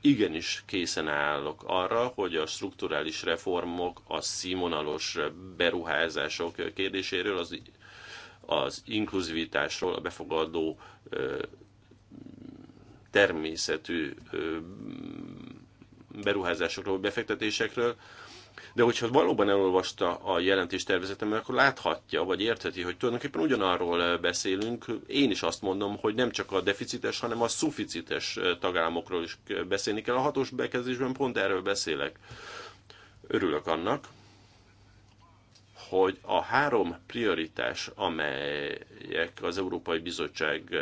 Igenis készen állok arra, hogy a strukturális reformok, a színvonalos beruházások kérdéséről, az, az inkluzivitásról, a befogadó természetű beruházásokról, befektetésekről de hogyha valóban elolvasta a jelentés tervezetemet, akkor láthatja, vagy értheti, hogy tulajdonképpen ugyanarról beszélünk. Én is azt mondom, hogy nem csak a deficites, hanem a szuficites tagállamokról is beszélni kell. A hatos bekezdésben pont erről beszélek. Örülök annak, hogy a három prioritás, amelyek az Európai Bizottság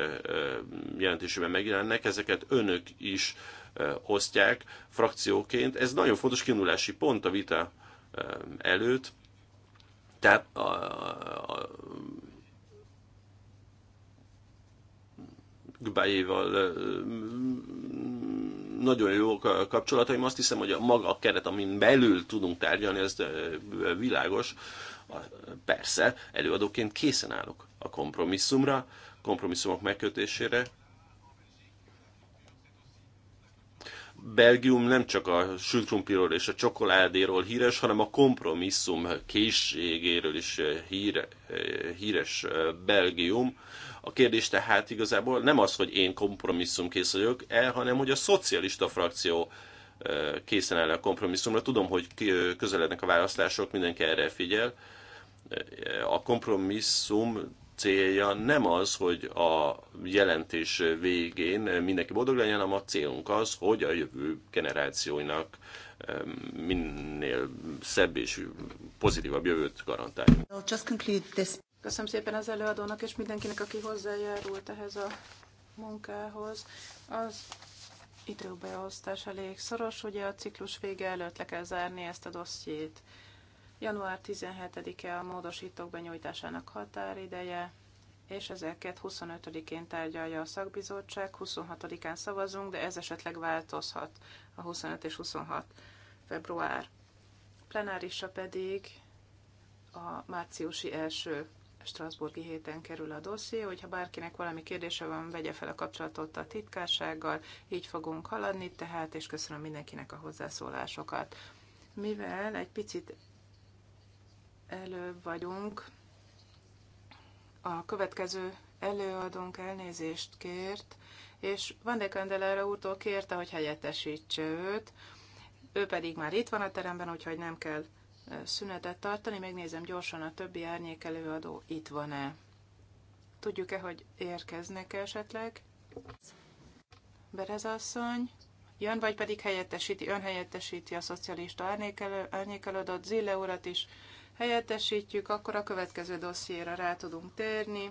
jelentésében megjelennek, ezeket önök is osztják frakcióként. Ez nagyon fontos kiindulási pont a vita előtt. Tehát a, a, a nagyon jó kapcsolataim. Azt hiszem, hogy a maga a keret, amin belül tudunk tárgyalni, ez világos. Persze, előadóként készen állok a kompromisszumra, kompromisszumok megkötésére, Belgium nem csak a sültrumpiról és a csokoládéról híres, hanem a kompromisszum készségéről is eh, híre, eh, híres eh, Belgium. A kérdés tehát igazából nem az, hogy én kompromisszumkész vagyok, el, hanem hogy a szocialista frakció készen áll a kompromisszumra. Tudom, hogy közelednek a választások, mindenki erre figyel. A kompromisszum célja nem az, hogy a jelentés végén mindenki boldog legyen, hanem a célunk az, hogy a jövő generációinak minél szebb és pozitívabb jövőt garantáljunk. Köszönöm szépen az előadónak és mindenkinek, aki hozzájárult ehhez a munkához. Az időbeosztás elég szoros, ugye a ciklus vége előtt le kell zárni ezt a dossziét. Január 17-e a módosítók benyújtásának határideje, és ezeket én tárgyalja a szakbizottság, 26-án szavazunk, de ez esetleg változhat a 25 és 26 február. plenárisa pedig a márciusi első Strasburgi héten kerül a dosszié, hogyha bárkinek valami kérdése van, vegye fel a kapcsolatot a titkársággal, így fogunk haladni tehát, és köszönöm mindenkinek a hozzászólásokat. Mivel egy picit előbb vagyunk. A következő előadónk elnézést kért, és Van de Candelera úrtól kérte, hogy helyettesítse őt. Ő pedig már itt van a teremben, úgyhogy nem kell szünetet tartani. Megnézem gyorsan a többi árnyék előadó itt van-e. Tudjuk-e, hogy érkeznek -e esetleg? Berez asszony jön, vagy pedig helyettesíti, ön helyettesíti a szocialista árnyékelődött Zille urat is, helyettesítjük, akkor a következő dossziéra rá tudunk térni,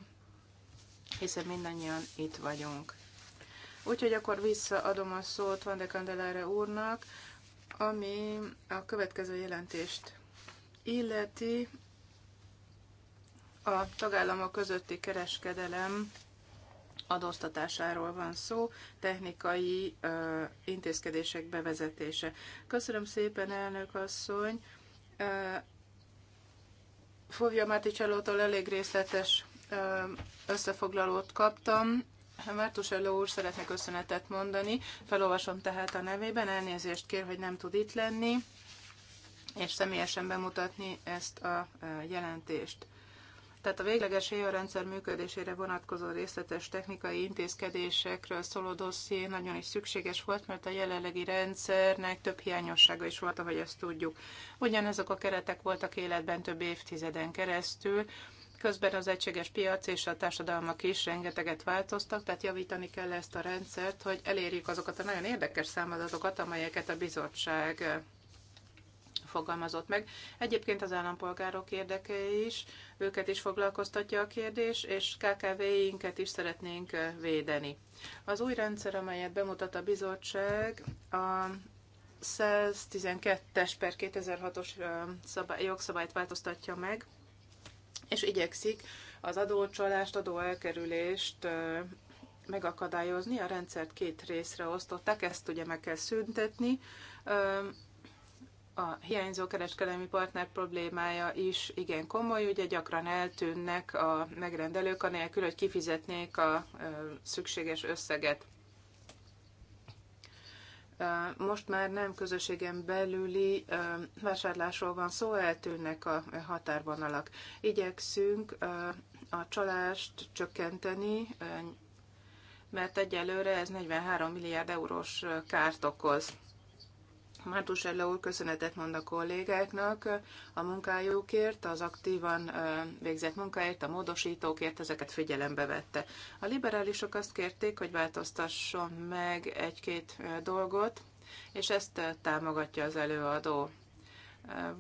hiszen mindannyian itt vagyunk. Úgyhogy akkor visszaadom a szót Van de Candelare úrnak, ami a következő jelentést illeti a tagállamok közötti kereskedelem adóztatásáról van szó, technikai ö, intézkedések bevezetése. Köszönöm szépen, elnök asszony! Fulvia Maticelótól elég részletes összefoglalót kaptam. Mártus Elló úr szeretne köszönetet mondani, felolvasom tehát a nevében, elnézést kér, hogy nem tud itt lenni, és személyesen bemutatni ezt a jelentést. Tehát a végleges e rendszer működésére vonatkozó részletes technikai intézkedésekről szóló dosszié nagyon is szükséges volt, mert a jelenlegi rendszernek több hiányossága is volt, ahogy ezt tudjuk. Ugyanezek a keretek voltak életben több évtizeden keresztül, Közben az egységes piac és a társadalmak is rengeteget változtak, tehát javítani kell ezt a rendszert, hogy elérjük azokat a nagyon érdekes számadatokat, amelyeket a bizottság fogalmazott meg. Egyébként az állampolgárok érdeke is, őket is foglalkoztatja a kérdés, és KKV-inket is szeretnénk védeni. Az új rendszer, amelyet bemutat a bizottság, a 112-es per 2006-os szabály, jogszabályt változtatja meg, és igyekszik az adócsalást, adóelkerülést megakadályozni. A rendszert két részre osztották, ezt ugye meg kell szüntetni a hiányzó kereskedelmi partner problémája is igen komoly, ugye gyakran eltűnnek a megrendelők, anélkül, hogy kifizetnék a szükséges összeget. Most már nem közösségen belüli vásárlásról van szó, eltűnnek a határvonalak. Igyekszünk a csalást csökkenteni, mert egyelőre ez 43 milliárd eurós kárt okoz. Mártusella úr köszönetet mond a kollégáknak a munkájukért, az aktívan végzett munkáért, a módosítókért, ezeket figyelembe vette. A liberálisok azt kérték, hogy változtasson meg egy-két dolgot, és ezt támogatja az előadó.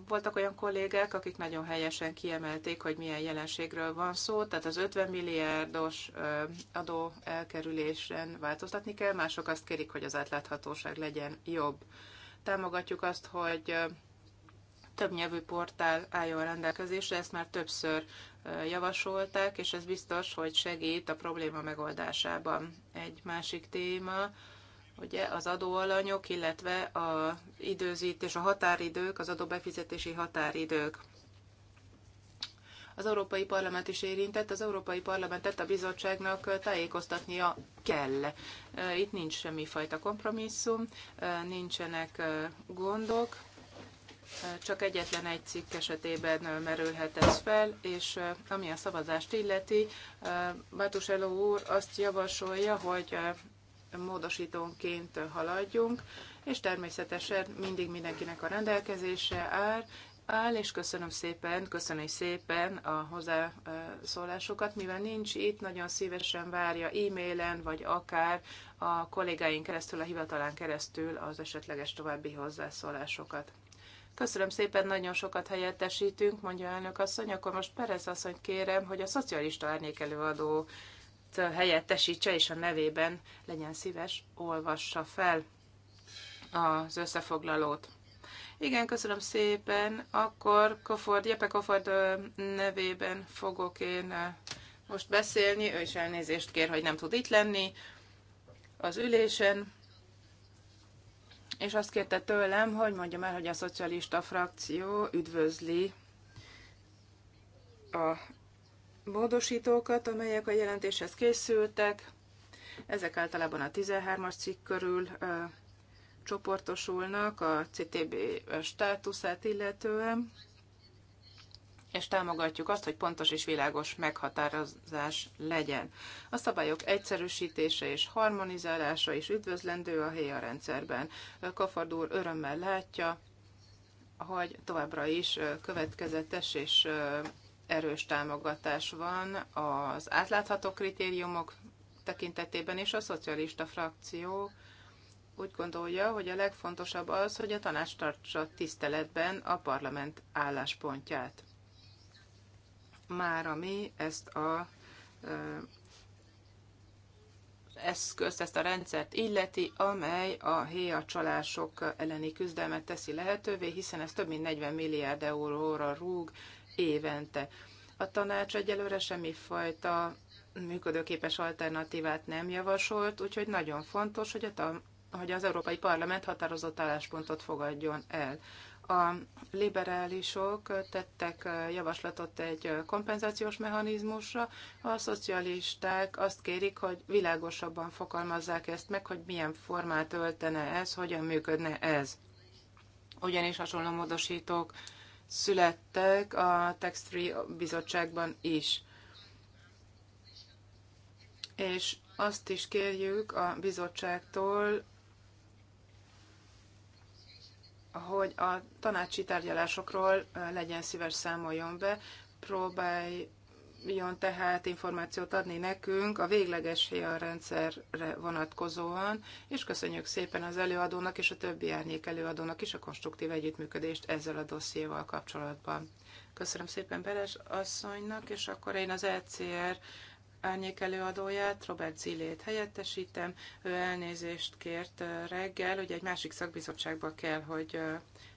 Voltak olyan kollégák, akik nagyon helyesen kiemelték, hogy milyen jelenségről van szó, tehát az 50 milliárdos adó elkerülésen változtatni kell, mások azt kérik, hogy az átláthatóság legyen jobb támogatjuk azt, hogy több nyelvű portál álljon rendelkezésre, ezt már többször javasolták, és ez biztos, hogy segít a probléma megoldásában. Egy másik téma, ugye az adóalanyok, illetve az időzítés, a határidők, az adóbefizetési határidők. Az Európai Parlament is érintett, az Európai Parlamentet a bizottságnak tájékoztatnia kell. Itt nincs semmifajta kompromisszum, nincsenek gondok, csak egyetlen egy cikk esetében merülhet ez fel, és ami a szavazást illeti, Bátuseló úr azt javasolja, hogy módosítónként haladjunk, és természetesen mindig mindenkinek a rendelkezésre áll, áll, és köszönöm szépen, köszönöm szépen a hozzászólásokat, mivel nincs itt, nagyon szívesen várja e-mailen, vagy akár a kollégáink keresztül, a hivatalán keresztül az esetleges további hozzászólásokat. Köszönöm szépen, nagyon sokat helyettesítünk, mondja elnök asszony, akkor most Perez asszony kérem, hogy a szocialista árnyékelőadó helyettesítse, és a nevében legyen szíves, olvassa fel az összefoglalót. Igen, köszönöm szépen. Akkor Koford, Jeppe Koford nevében fogok én most beszélni. Ő is elnézést kér, hogy nem tud itt lenni az ülésen. És azt kérte tőlem, hogy mondjam el, hogy a szocialista frakció üdvözli a módosítókat, amelyek a jelentéshez készültek. Ezek általában a 13-as cikk körül csoportosulnak a CTB státuszát illetően, és támogatjuk azt, hogy pontos és világos meghatározás legyen. A szabályok egyszerűsítése és harmonizálása is üdvözlendő a helyi a rendszerben. úr örömmel látja, hogy továbbra is következetes és erős támogatás van az átlátható kritériumok tekintetében, és a szocialista frakció úgy gondolja, hogy a legfontosabb az, hogy a tanács tartsa tiszteletben a parlament álláspontját. Már ami ezt a eszközt, ezt a rendszert illeti, amely a héja csalások elleni küzdelmet teszi lehetővé, hiszen ez több mint 40 milliárd euróra rúg évente. A tanács egyelőre semmifajta működőképes alternatívát nem javasolt, úgyhogy nagyon fontos, hogy a hogy az Európai Parlament határozott álláspontot fogadjon el. A liberálisok tettek javaslatot egy kompenzációs mechanizmusra, a szocialisták azt kérik, hogy világosabban fogalmazzák ezt meg, hogy milyen formát öltene ez, hogyan működne ez. Ugyanis hasonló módosítók születtek a Tax Free bizottságban is. És azt is kérjük a bizottságtól, hogy a tanácsi tárgyalásokról legyen szíves számoljon be, próbáljon tehát információt adni nekünk a végleges rendszerre vonatkozóan, és köszönjük szépen az előadónak és a többi árnyék előadónak is a konstruktív együttműködést ezzel a dossziéval kapcsolatban. Köszönöm szépen Beres asszonynak, és akkor én az ECR árnyék előadóját, Robert Zillét helyettesítem. Ő elnézést kért reggel, hogy egy másik szakbizottságba kell, hogy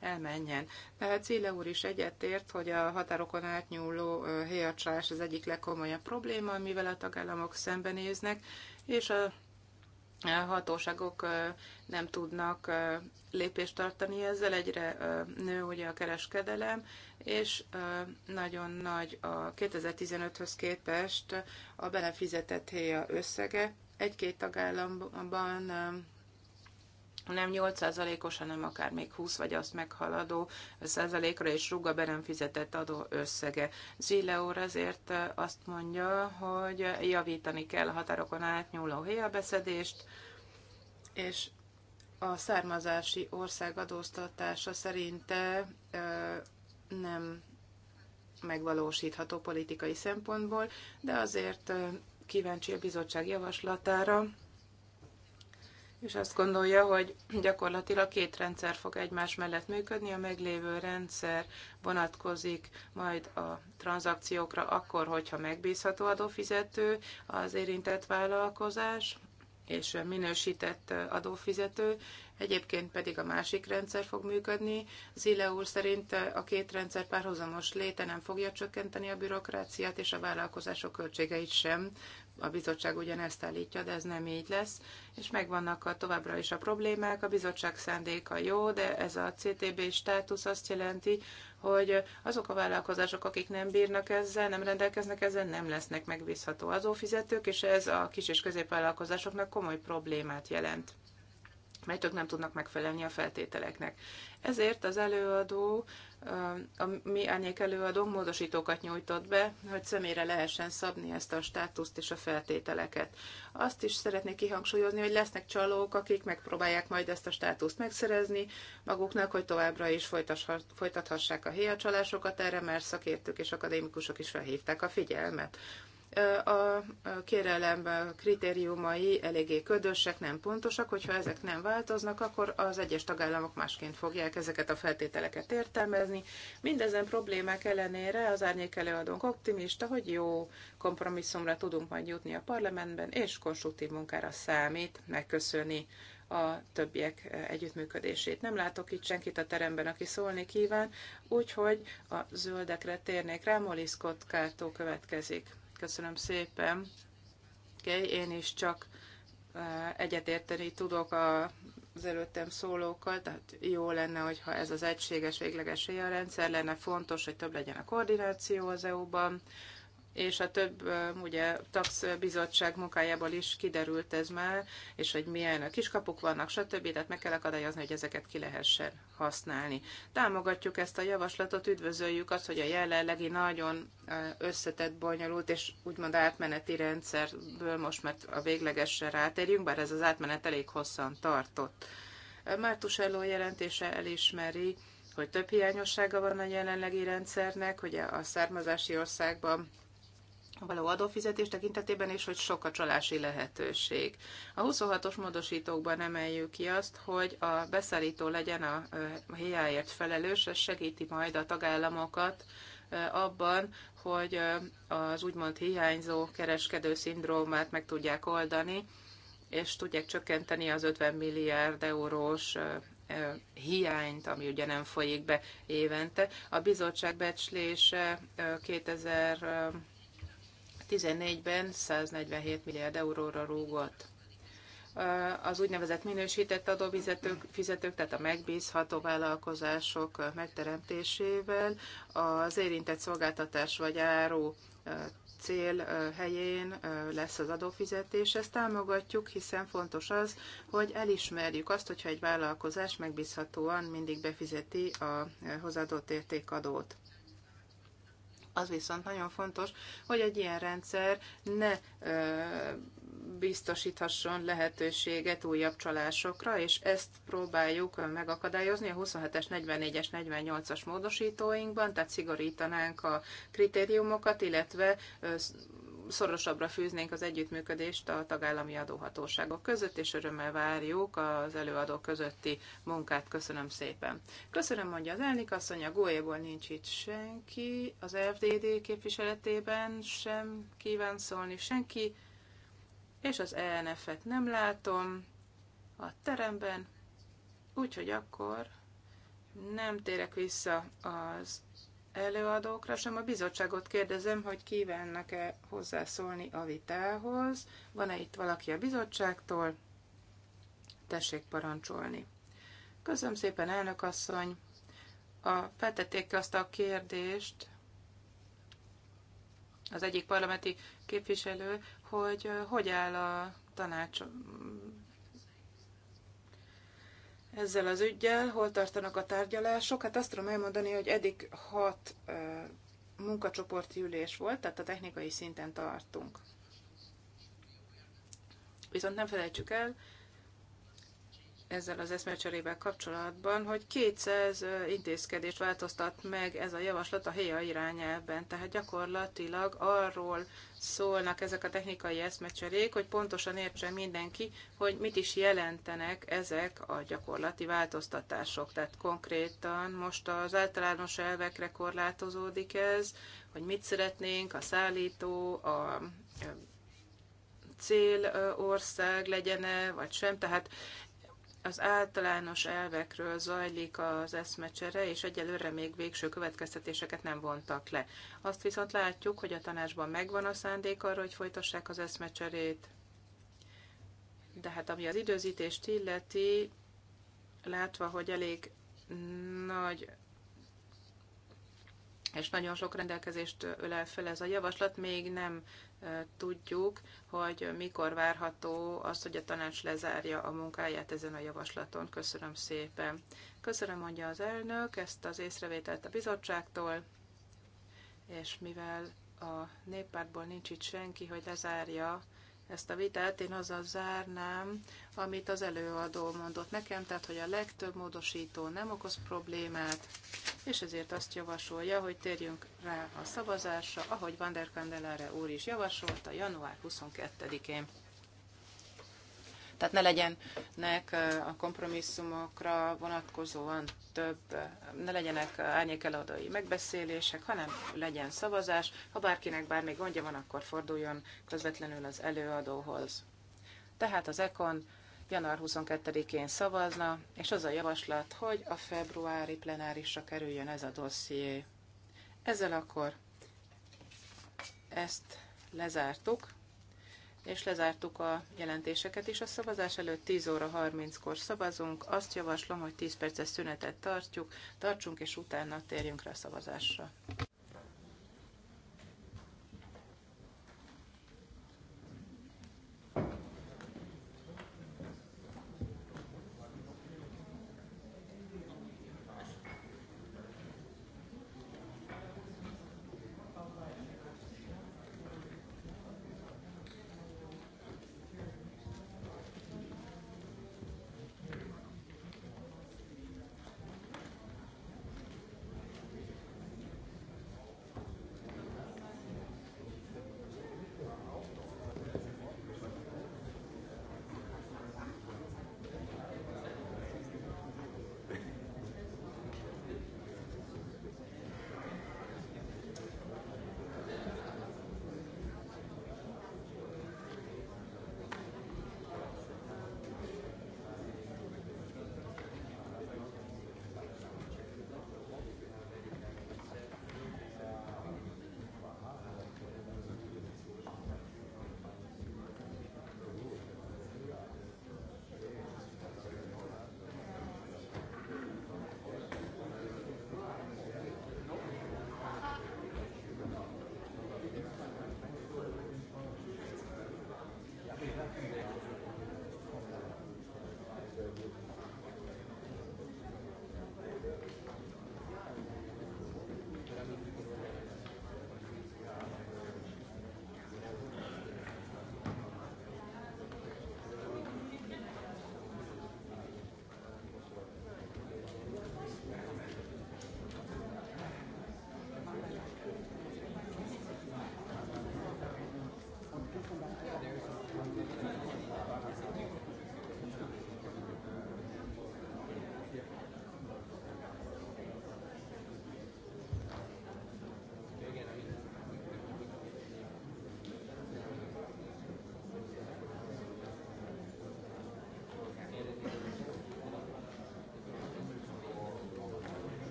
elmenjen. Tehát Zille úr is egyetért, hogy a határokon átnyúló héjacsás az egyik legkomolyabb probléma, amivel a tagállamok szembenéznek, és a hatóságok nem tudnak lépést tartani ezzel, egyre nő ugye a kereskedelem, és nagyon nagy a 2015-höz képest a belefizetett héja összege. Egy-két tagállamban nem 8%-os, hanem akár még 20 vagy azt meghaladó százalékra és rúga be nem fizetett adó összege. úr azért eh, azt mondja, hogy javítani kell a határokon átnyúló héjabeszedést, és a származási ország adóztatása szerinte eh, nem megvalósítható politikai szempontból, de azért eh, kíváncsi a bizottság javaslatára, és azt gondolja, hogy gyakorlatilag két rendszer fog egymás mellett működni, a meglévő rendszer vonatkozik majd a tranzakciókra akkor, hogyha megbízható adófizető az érintett vállalkozás, és minősített adófizető, egyébként pedig a másik rendszer fog működni. Zile úr szerint a két rendszer párhuzamos léte nem fogja csökkenteni a bürokráciát és a vállalkozások költségeit sem, a bizottság ugyanezt állítja, de ez nem így lesz, és megvannak a továbbra is a problémák, a bizottság szándéka jó, de ez a CTB státusz azt jelenti, hogy azok a vállalkozások, akik nem bírnak ezzel, nem rendelkeznek ezzel, nem lesznek megbízható adófizetők, és ez a kis és középvállalkozásoknak komoly problémát jelent mert ők nem tudnak megfelelni a feltételeknek. Ezért az előadó, a mi árnyék előadó módosítókat nyújtott be, hogy személyre lehessen szabni ezt a státuszt és a feltételeket. Azt is szeretnék kihangsúlyozni, hogy lesznek csalók, akik megpróbálják majd ezt a státuszt megszerezni maguknak, hogy továbbra is folytathassák a héjacsalásokat, erre mert szakértők és akadémikusok is felhívták a figyelmet a kérelem kritériumai eléggé ködösek, nem pontosak, hogyha ezek nem változnak, akkor az egyes tagállamok másként fogják ezeket a feltételeket értelmezni. Mindezen problémák ellenére az árnyék előadónk optimista, hogy jó kompromisszumra tudunk majd jutni a parlamentben, és konstruktív munkára számít, megköszöni a többiek együttműködését. Nem látok itt senkit a teremben, aki szólni kíván, úgyhogy a zöldekre térnék rá, Molisz következik. Köszönöm szépen. Okay, én is csak egyetérteni tudok az előttem szólókkal, tehát jó lenne, hogyha ez az egységes végleges rendszer lenne, fontos, hogy több legyen a koordináció az EU-ban, és a több ugye TAX bizottság munkájából is kiderült ez már, és hogy milyen kiskapuk vannak, stb. Tehát meg kell akadályozni, hogy ezeket ki lehessen használni. Támogatjuk ezt a javaslatot, üdvözöljük azt, hogy a jelenlegi nagyon összetett, bonyolult és úgymond átmeneti rendszerből most már a véglegesre rátérjünk, bár ez az átmenet elég hosszan tartott. Mártus Elló jelentése elismeri, hogy több hiányossága van a jelenlegi rendszernek, hogy a származási országban való adófizetés tekintetében is, hogy sok a csalási lehetőség. A 26-os módosítókban emeljük ki azt, hogy a beszállító legyen a hiáért felelős, ez segíti majd a tagállamokat abban, hogy az úgymond hiányzó kereskedő szindrómát meg tudják oldani, és tudják csökkenteni az 50 milliárd eurós hiányt, ami ugye nem folyik be évente. A bizottság becslése 2000 2014-ben 147 milliárd euróra rúgott. Az úgynevezett minősített adófizetők, fizetők, tehát a megbízható vállalkozások megteremtésével az érintett szolgáltatás vagy áru cél helyén lesz az adófizetés. Ezt támogatjuk, hiszen fontos az, hogy elismerjük azt, hogyha egy vállalkozás megbízhatóan mindig befizeti a hozadott értékadót. Az viszont nagyon fontos, hogy egy ilyen rendszer ne ö, biztosíthasson lehetőséget újabb csalásokra, és ezt próbáljuk megakadályozni a 27-es, 44-es, 48-as módosítóinkban, tehát szigorítanánk a kritériumokat, illetve szorosabbra fűznénk az együttműködést a tagállami adóhatóságok között, és örömmel várjuk az előadók közötti munkát. Köszönöm szépen. Köszönöm, mondja az elnök asszony, a Góéból nincs itt senki, az FDD képviseletében sem kíván szólni senki, és az ENF-et nem látom a teremben, úgyhogy akkor nem térek vissza az előadókra, sem a bizottságot kérdezem, hogy kívánnak-e hozzászólni a vitához. Van-e itt valaki a bizottságtól? Tessék parancsolni. Köszönöm szépen, elnök asszony. A, feltették azt a kérdést, az egyik parlamenti képviselő, hogy hogy áll a tanács ezzel az ügyjel, hol tartanak a tárgyalások. Hát azt tudom elmondani, hogy eddig hat munkacsoporti ülés volt, tehát a technikai szinten tartunk. Viszont nem felejtsük el, ezzel az eszmecserével kapcsolatban, hogy 200 intézkedést változtat meg ez a javaslat a helye irányelben. Tehát gyakorlatilag arról szólnak ezek a technikai eszmecserék, hogy pontosan értsen mindenki, hogy mit is jelentenek ezek a gyakorlati változtatások. Tehát konkrétan most az általános elvekre korlátozódik ez, hogy mit szeretnénk, a szállító, a célország legyen-e, vagy sem. Tehát az általános elvekről zajlik az eszmecsere, és egyelőre még végső következtetéseket nem vontak le. Azt viszont látjuk, hogy a tanácsban megvan a szándék arra, hogy folytassák az eszmecserét, de hát ami az időzítést illeti, látva, hogy elég nagy és nagyon sok rendelkezést ölel fel ez a javaslat, még nem tudjuk, hogy mikor várható az, hogy a tanács lezárja a munkáját ezen a javaslaton. Köszönöm szépen. Köszönöm, mondja az elnök, ezt az észrevételt a bizottságtól, és mivel a néppártból nincs itt senki, hogy lezárja ezt a vitát, én azzal zárnám, amit az előadó mondott nekem, tehát hogy a legtöbb módosító nem okoz problémát, és ezért azt javasolja, hogy térjünk rá a szavazásra, ahogy Van der Kandelare úr is javasolta, január 22-én tehát ne legyenek a kompromisszumokra vonatkozóan több, ne legyenek árnyékeladói megbeszélések, hanem legyen szavazás. Ha bárkinek bármi gondja van, akkor forduljon közvetlenül az előadóhoz. Tehát az EKON január 22-én szavazna, és az a javaslat, hogy a februári plenárisra kerüljön ez a dosszié. Ezzel akkor ezt lezártuk és lezártuk a jelentéseket is. A szavazás előtt 10 óra 30-kor szavazunk. Azt javaslom, hogy 10 perces szünetet tartjuk, tartsunk, és utána térjünk rá a szavazásra.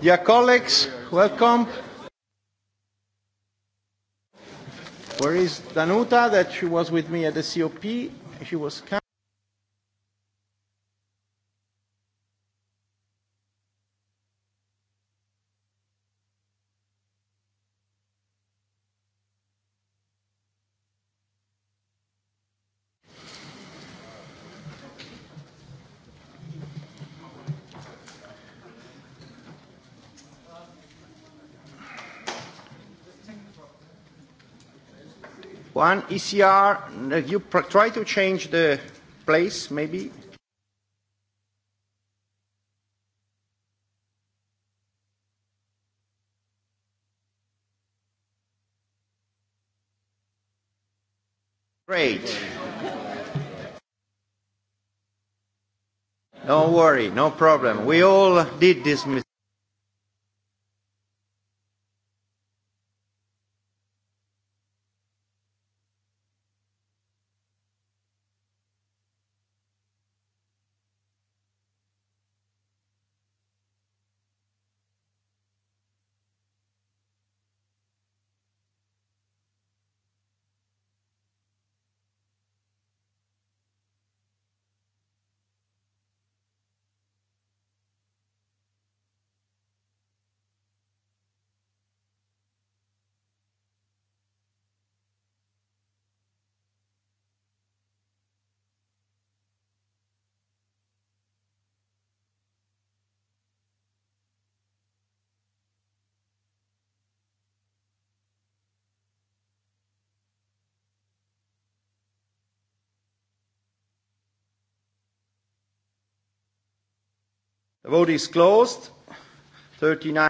Dear colleagues, welcome. Where is Danuta that she was with me at the COP? She was One ECR, you try to change the place, maybe. Great. Don't worry, no problem. We all did this mistake. The vote is closed. 39.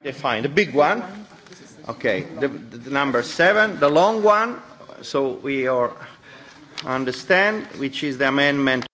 They find the big one. Okay, the, the number seven, the long one. So we are understand, which is the amendment.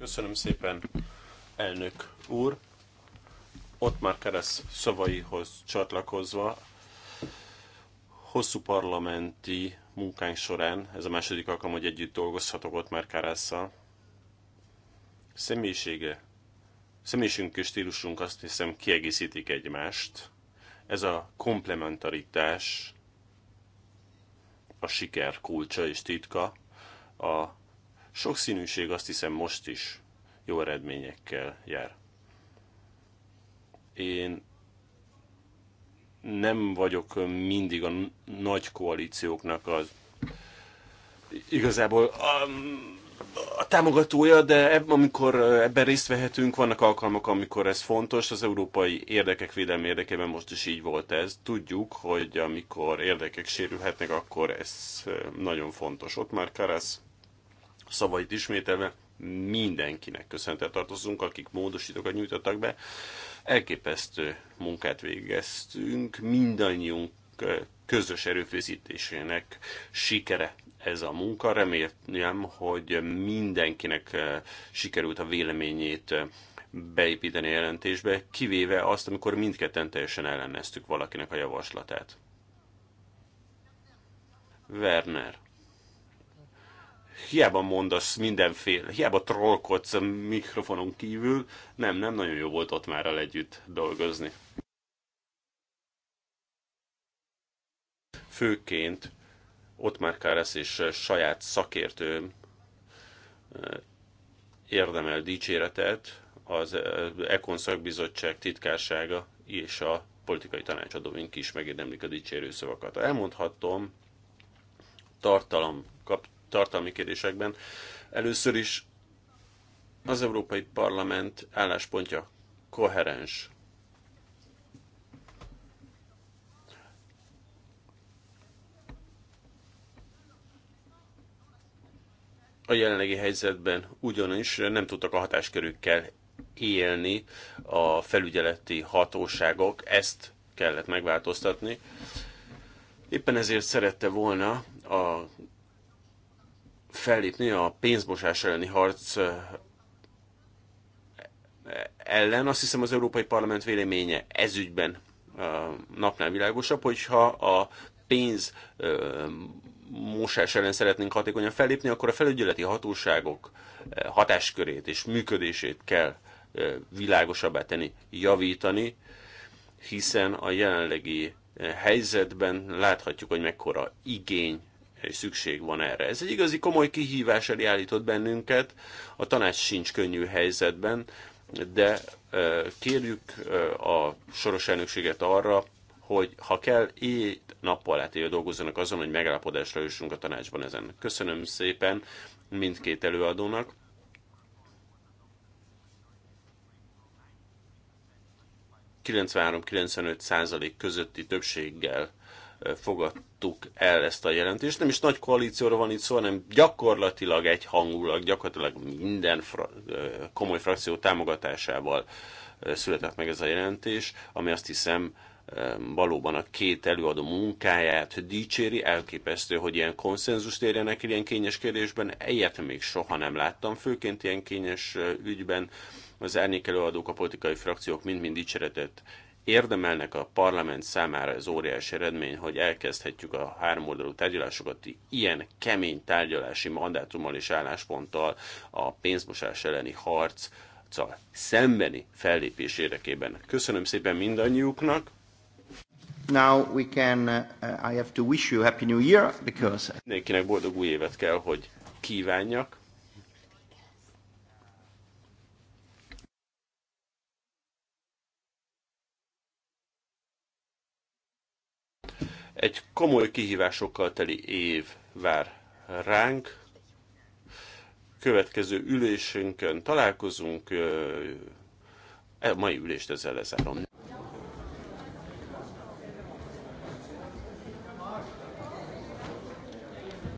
Köszönöm szépen, elnök úr. Ott már Keresz szavaihoz csatlakozva, hosszú parlamenti munkánk során, ez a második alkalom, hogy együtt dolgozhatok ott már a személyisége, személyiségünk és stílusunk azt hiszem kiegészítik egymást. Ez a komplementaritás a siker kulcsa és titka, a sok színűség azt hiszem most is jó eredményekkel jár. Én nem vagyok mindig a nagy koalícióknak az igazából a, um, a támogatója, de eb, amikor ebben részt vehetünk, vannak alkalmak, amikor ez fontos. Az európai érdekek védelmi érdekében most is így volt ez. Tudjuk, hogy amikor érdekek sérülhetnek, akkor ez nagyon fontos. Ott már Karasz szavait ismételve, mindenkinek köszönetet tartozunk, akik módosítókat nyújtottak be. Elképesztő munkát végeztünk, mindannyiunk közös erőfeszítésének sikere ez a munka. Remélem, hogy mindenkinek sikerült a véleményét beépíteni a jelentésbe, kivéve azt, amikor mindketten teljesen elleneztük valakinek a javaslatát. Werner hiába mondasz mindenféle, hiába trollkodsz a mikrofonon kívül, nem, nem, nagyon jó volt ott már el együtt dolgozni. Főként ott már Káresz és eh, saját szakértő eh, érdemel dicséretet, az Ekon eh, szakbizottság titkársága és a politikai tanácsadóink is megérdemlik a dicsérő szavakat. Elmondhatom tartalom kap, tartalmi kérdésekben. Először is az Európai Parlament álláspontja koherens. A jelenlegi helyzetben ugyanis nem tudtak a hatáskörükkel élni a felügyeleti hatóságok, ezt kellett megváltoztatni. Éppen ezért szerette volna a fellépni a pénzmosás elleni harc ellen. Azt hiszem az Európai Parlament véleménye ezügyben napnál világosabb, hogyha a pénz mosás ellen szeretnénk hatékonyan fellépni, akkor a felügyeleti hatóságok hatáskörét és működését kell világosabbá tenni, javítani, hiszen a jelenlegi helyzetben láthatjuk, hogy mekkora igény és szükség van erre. Ez egy igazi komoly kihívás elé állított bennünket, a tanács sincs könnyű helyzetben, de kérjük a soros elnökséget arra, hogy ha kell, így nappal éjjel dolgozzanak azon, hogy megállapodásra jussunk a tanácsban ezen. Köszönöm szépen mindkét előadónak. százalék közötti többséggel fogadtuk el ezt a jelentést. Nem is nagy koalícióra van itt szó, hanem gyakorlatilag egy hangulag, gyakorlatilag minden fra- komoly frakció támogatásával született meg ez a jelentés, ami azt hiszem valóban a két előadó munkáját dicséri, elképesztő, hogy ilyen konszenzust érjenek ilyen kényes kérdésben, egyet még soha nem láttam, főként ilyen kényes ügyben az árnyék előadók, a politikai frakciók mind-mind dicséretet érdemelnek a parlament számára az óriási eredmény, hogy elkezdhetjük a háromoldalú tárgyalásokat ilyen kemény tárgyalási mandátummal és állásponttal a pénzmosás elleni harc szembeni fellépés érdekében. Köszönöm szépen mindannyiuknak. Now we can, uh, I have to wish you happy new year because... Mindenkinek boldog új évet kell, hogy kívánjak Egy komoly kihívásokkal teli év vár ránk. Következő ülésünkön találkozunk. A e, mai ülést ezzel lezárom.